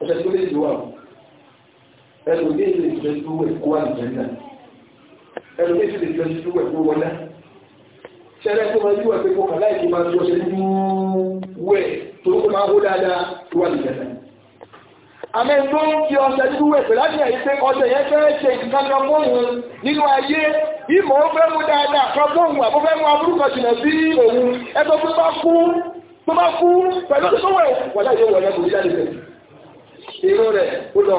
ọ̀ṣẹ́ tó lè ti wà ẹlòmí èlò ìfẹ́ tó wẹ̀ kó àjẹ́nà ẹlòmí èlò ìfẹ́ tó wẹ̀ kó wọlá ṣẹlẹ̀ tó máa yíwẹ̀ pé kọkà láìkí máa tó ṣe ní wẹ̀ tó kó máa hó dáadáa tó wà nìjẹ́nà àmẹ́ tó ń fi ọṣẹ nínú wẹ̀ pẹ̀lú àti ẹ̀yí pé ọṣẹ yẹn fẹ́ ṣe nǹkan kan fóun nínú ayé ìmọ̀ ó fẹ́ mú dáadáa kan fóun àbúfẹ́ mú aburúkọ jìnà sí òun ẹgbẹ́ tó bá kú tó bá kú pẹ̀lú tó wẹ̀ wọ́n láyé wọ̀ lẹ́kùn jáde bẹ̀. irú rẹ̀ ó lọ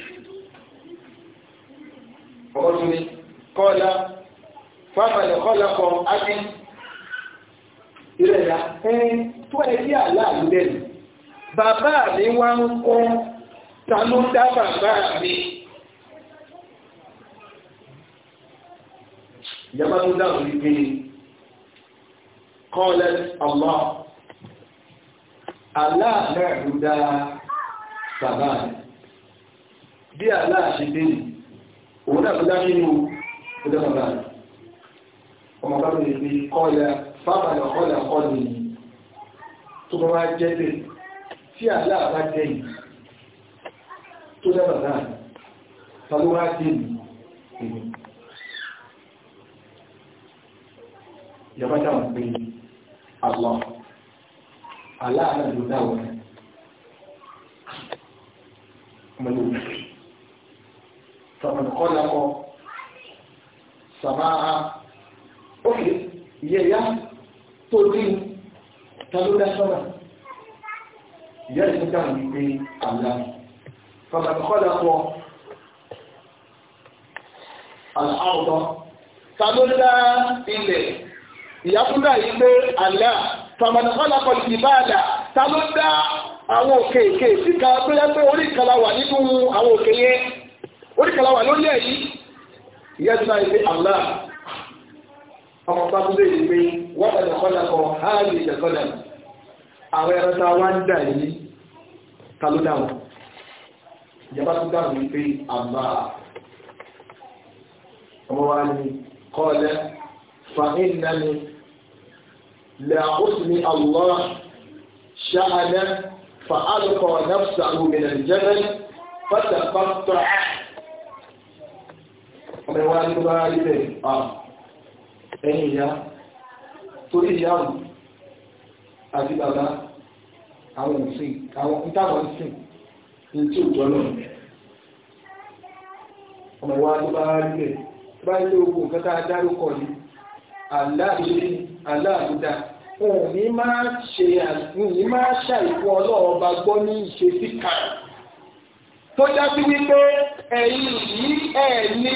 رجل قال فما لخلق أبي ìrẹ̀lá ẹni tó ẹgbẹ́ àláàlú lẹ́nu bàbá mi wá ń kọ́ ta ló dá bàbá mi ìjọba tó dáhùn ní pé kọ́lẹ̀ ọ̀lá aláàlú dá bàbá mi bí aláàṣẹ́ bẹ́ẹ̀ òun náà tó dá nínú ọjọ́ bàbá rẹ̀ ọmọ bá mi fi kọ́lá bàbá rẹ̀ kọ́lá kọ́lá yìí tó bá wá jẹ́ bẹ́ẹ̀ tí àlá bá jẹ́ yìí tó dá bàbá rẹ̀ ta ló wá jẹ́ yìí ìjọba dáwọn pé àlọ́ àlá àlá ló dáwọn ọmọlúwọ̀ فمن خلق سماء أوكي يا تولين تلولا سماء يجب أن يكون الله فمن خلق الأرض تلولا إليه ìyàtúndà yìí pé àlá tàmàdàkọ́lápọ̀ ìbáàdà ta ló dá àwọn òkè ìkè síka tó yẹ pé orí ìkàlà wà nínú àwọn òkè yẹn oríkàlà wà lórí ẹ̀ yìí ìyá ti báyìí pé àlá ọmọ pàtúndé yìí pé wọ́n ẹ̀dọ̀ kọ́lá kọ háàlì ìjẹ̀kọ́lá àwọn ẹ̀rọ tá a wá ń dà yìí ta ìjọba tó dáhùn pé àbá ọmọ wa ni kọ́lẹ̀ fàáhìn náà ni àlọ́ ṣáà náà náà sàrù mìíràn jẹ́rẹ́ fàtàkọ́ ọ̀rẹ́ wá ní bá rí bẹ̀ ẹ̀yìn ìyá torí ìyá wọn àti bàbá àwọn òsìn àwọn ìtàwọn sìn ní tí òjò náà ọmọ wa ló bá rí bẹ̀ bá ilé ogun nǹkan tá a dárúkọ ní aláàbúdá wọn ò ní máa ṣàìkú ọlọ́run gbọ́ ní ìṣesí tó já sí wípé ẹ̀yìn yìí ẹ̀ ní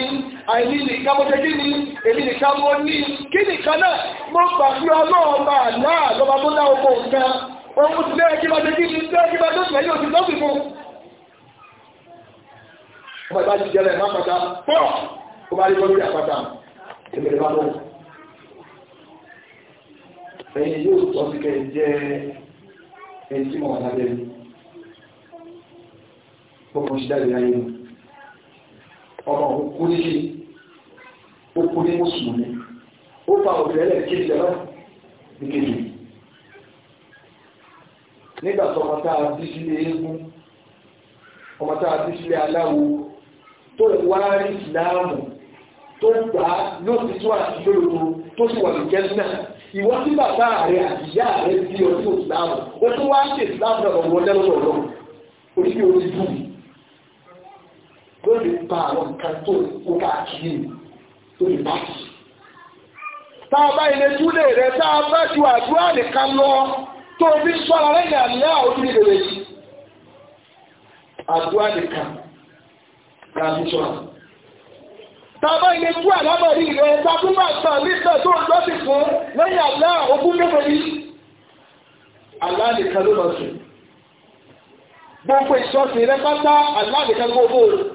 àìní nìkan mo ṣe kí ni èmi nìkan mo ní kí nìkan náà mo gbà pé ọlọ́run bá àlá àlọ́ba tó dá oko nǹkan òun mo ti lẹ́yìn kí máa ṣe kí ni lẹ́yìn kí máa tó tẹ̀lé òsì tó sì fún un. ọmọ ìbá ti jẹrẹ má pàtà pọ̀ ó bá rí lórí àpáta èmi lè má lọ. ẹ̀yin yóò sọ sí kẹ́ jẹ́ ẹni tí mo wà lábẹ́ mi. ó kàn ṣe dáre ọmọ òun kú ní ó kú ní mùsùlùmí ó fa òfin ẹlẹ́ẹ̀kejì ẹ̀rọ ní kejì nígbà tó ọmọ tá a bí sílé eégún ọmọ tá a bí sílé aláwo tó wá rí ìsìláàmù tó gbà á yóò ti tó àti lóòótọ́ tó sì wà ní jẹ́sínà ìwọ́n tí bàbá rẹ̀ àti ìyá rẹ̀ bí ọdún ìsìláàmù ó tún wá ṣe ìsìláàmù náà lọ́wọ́ lẹ́lọ́wọ́ lọ́wọ́ orí bí o ti dùn nípa àwọn nǹkan tó kó káàkiri tó lè bá sí. tá a bá ilé túlé rẹ tá a bá ju àdúrà nìkan lọ tó o fi sọ́ra lẹ́yìn àlẹ́ àwọn òbí rẹ̀ sí. àdúrà nìkan la fi sọ́ra. tá a bá ilé tú àlámọ̀rí rẹ tá a tún bá tàn nígbà tó o lọ́sì fún lẹ́yìn àlẹ́ ògún kékeré. àlá nìkan ló lọ sí. gbogbo ìṣọ́sìn rẹ pátá àlá nìkan gbogbo rẹ̀.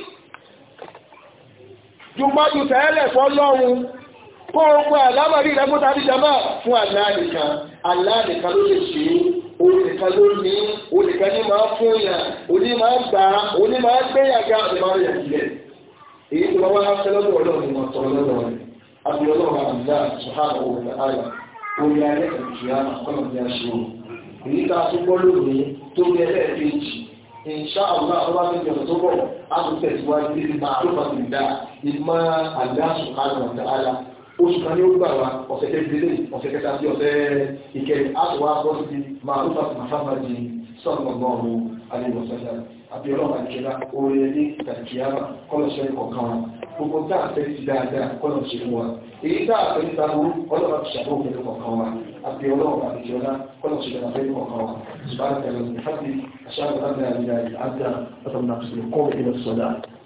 jùmọ́jú tẹ́ẹ̀lẹ̀ fọ́lọ́run kó ogun àlámọ̀rí ìrẹ́gbóta ní jama fún ala adịka ló lè ṣe olùkà ló ní ní máa fún yàn oní máa gbà oní máa èyí tó wá ní ya ìṣá àwọn àkọ́bá tó jẹun tó bọ̀ á tún tẹ̀síwájú níbi máa tó bá tìlì dáa ìmọ̀ àdáṣù àrùn ọ̀tá ara oṣù kan ní ó gbà wá ọ̀sẹ̀ kẹgbẹ́lé ọ̀sẹ̀ kẹta sí ọ̀sẹ̀ ìkẹyìn á tún wá bọ́ síbi máa tó bá tìlì fáfá di sọ́ọ̀nù àlewọ̀sọ̀dá àbí ọlọ́run àjẹ́lá orí ẹni tàbíyàmà kọ́lọ̀ṣẹ́ kọ̀ọ̀kan wa gbogbo táà fẹ́ ti dáadáa kọ́lọ̀ṣẹ́ fún wa èyí táà fẹ́ ti dáadáa kọ́lọ̀ṣẹ́ fún wa àbí ọlọ́run àjẹ́lá kọ́lọ̀ṣẹ́ fún wa سبحانك اللهم وبحمدك أشهد أن لا إله إلا أنت أتمنى القول إلى الصلاة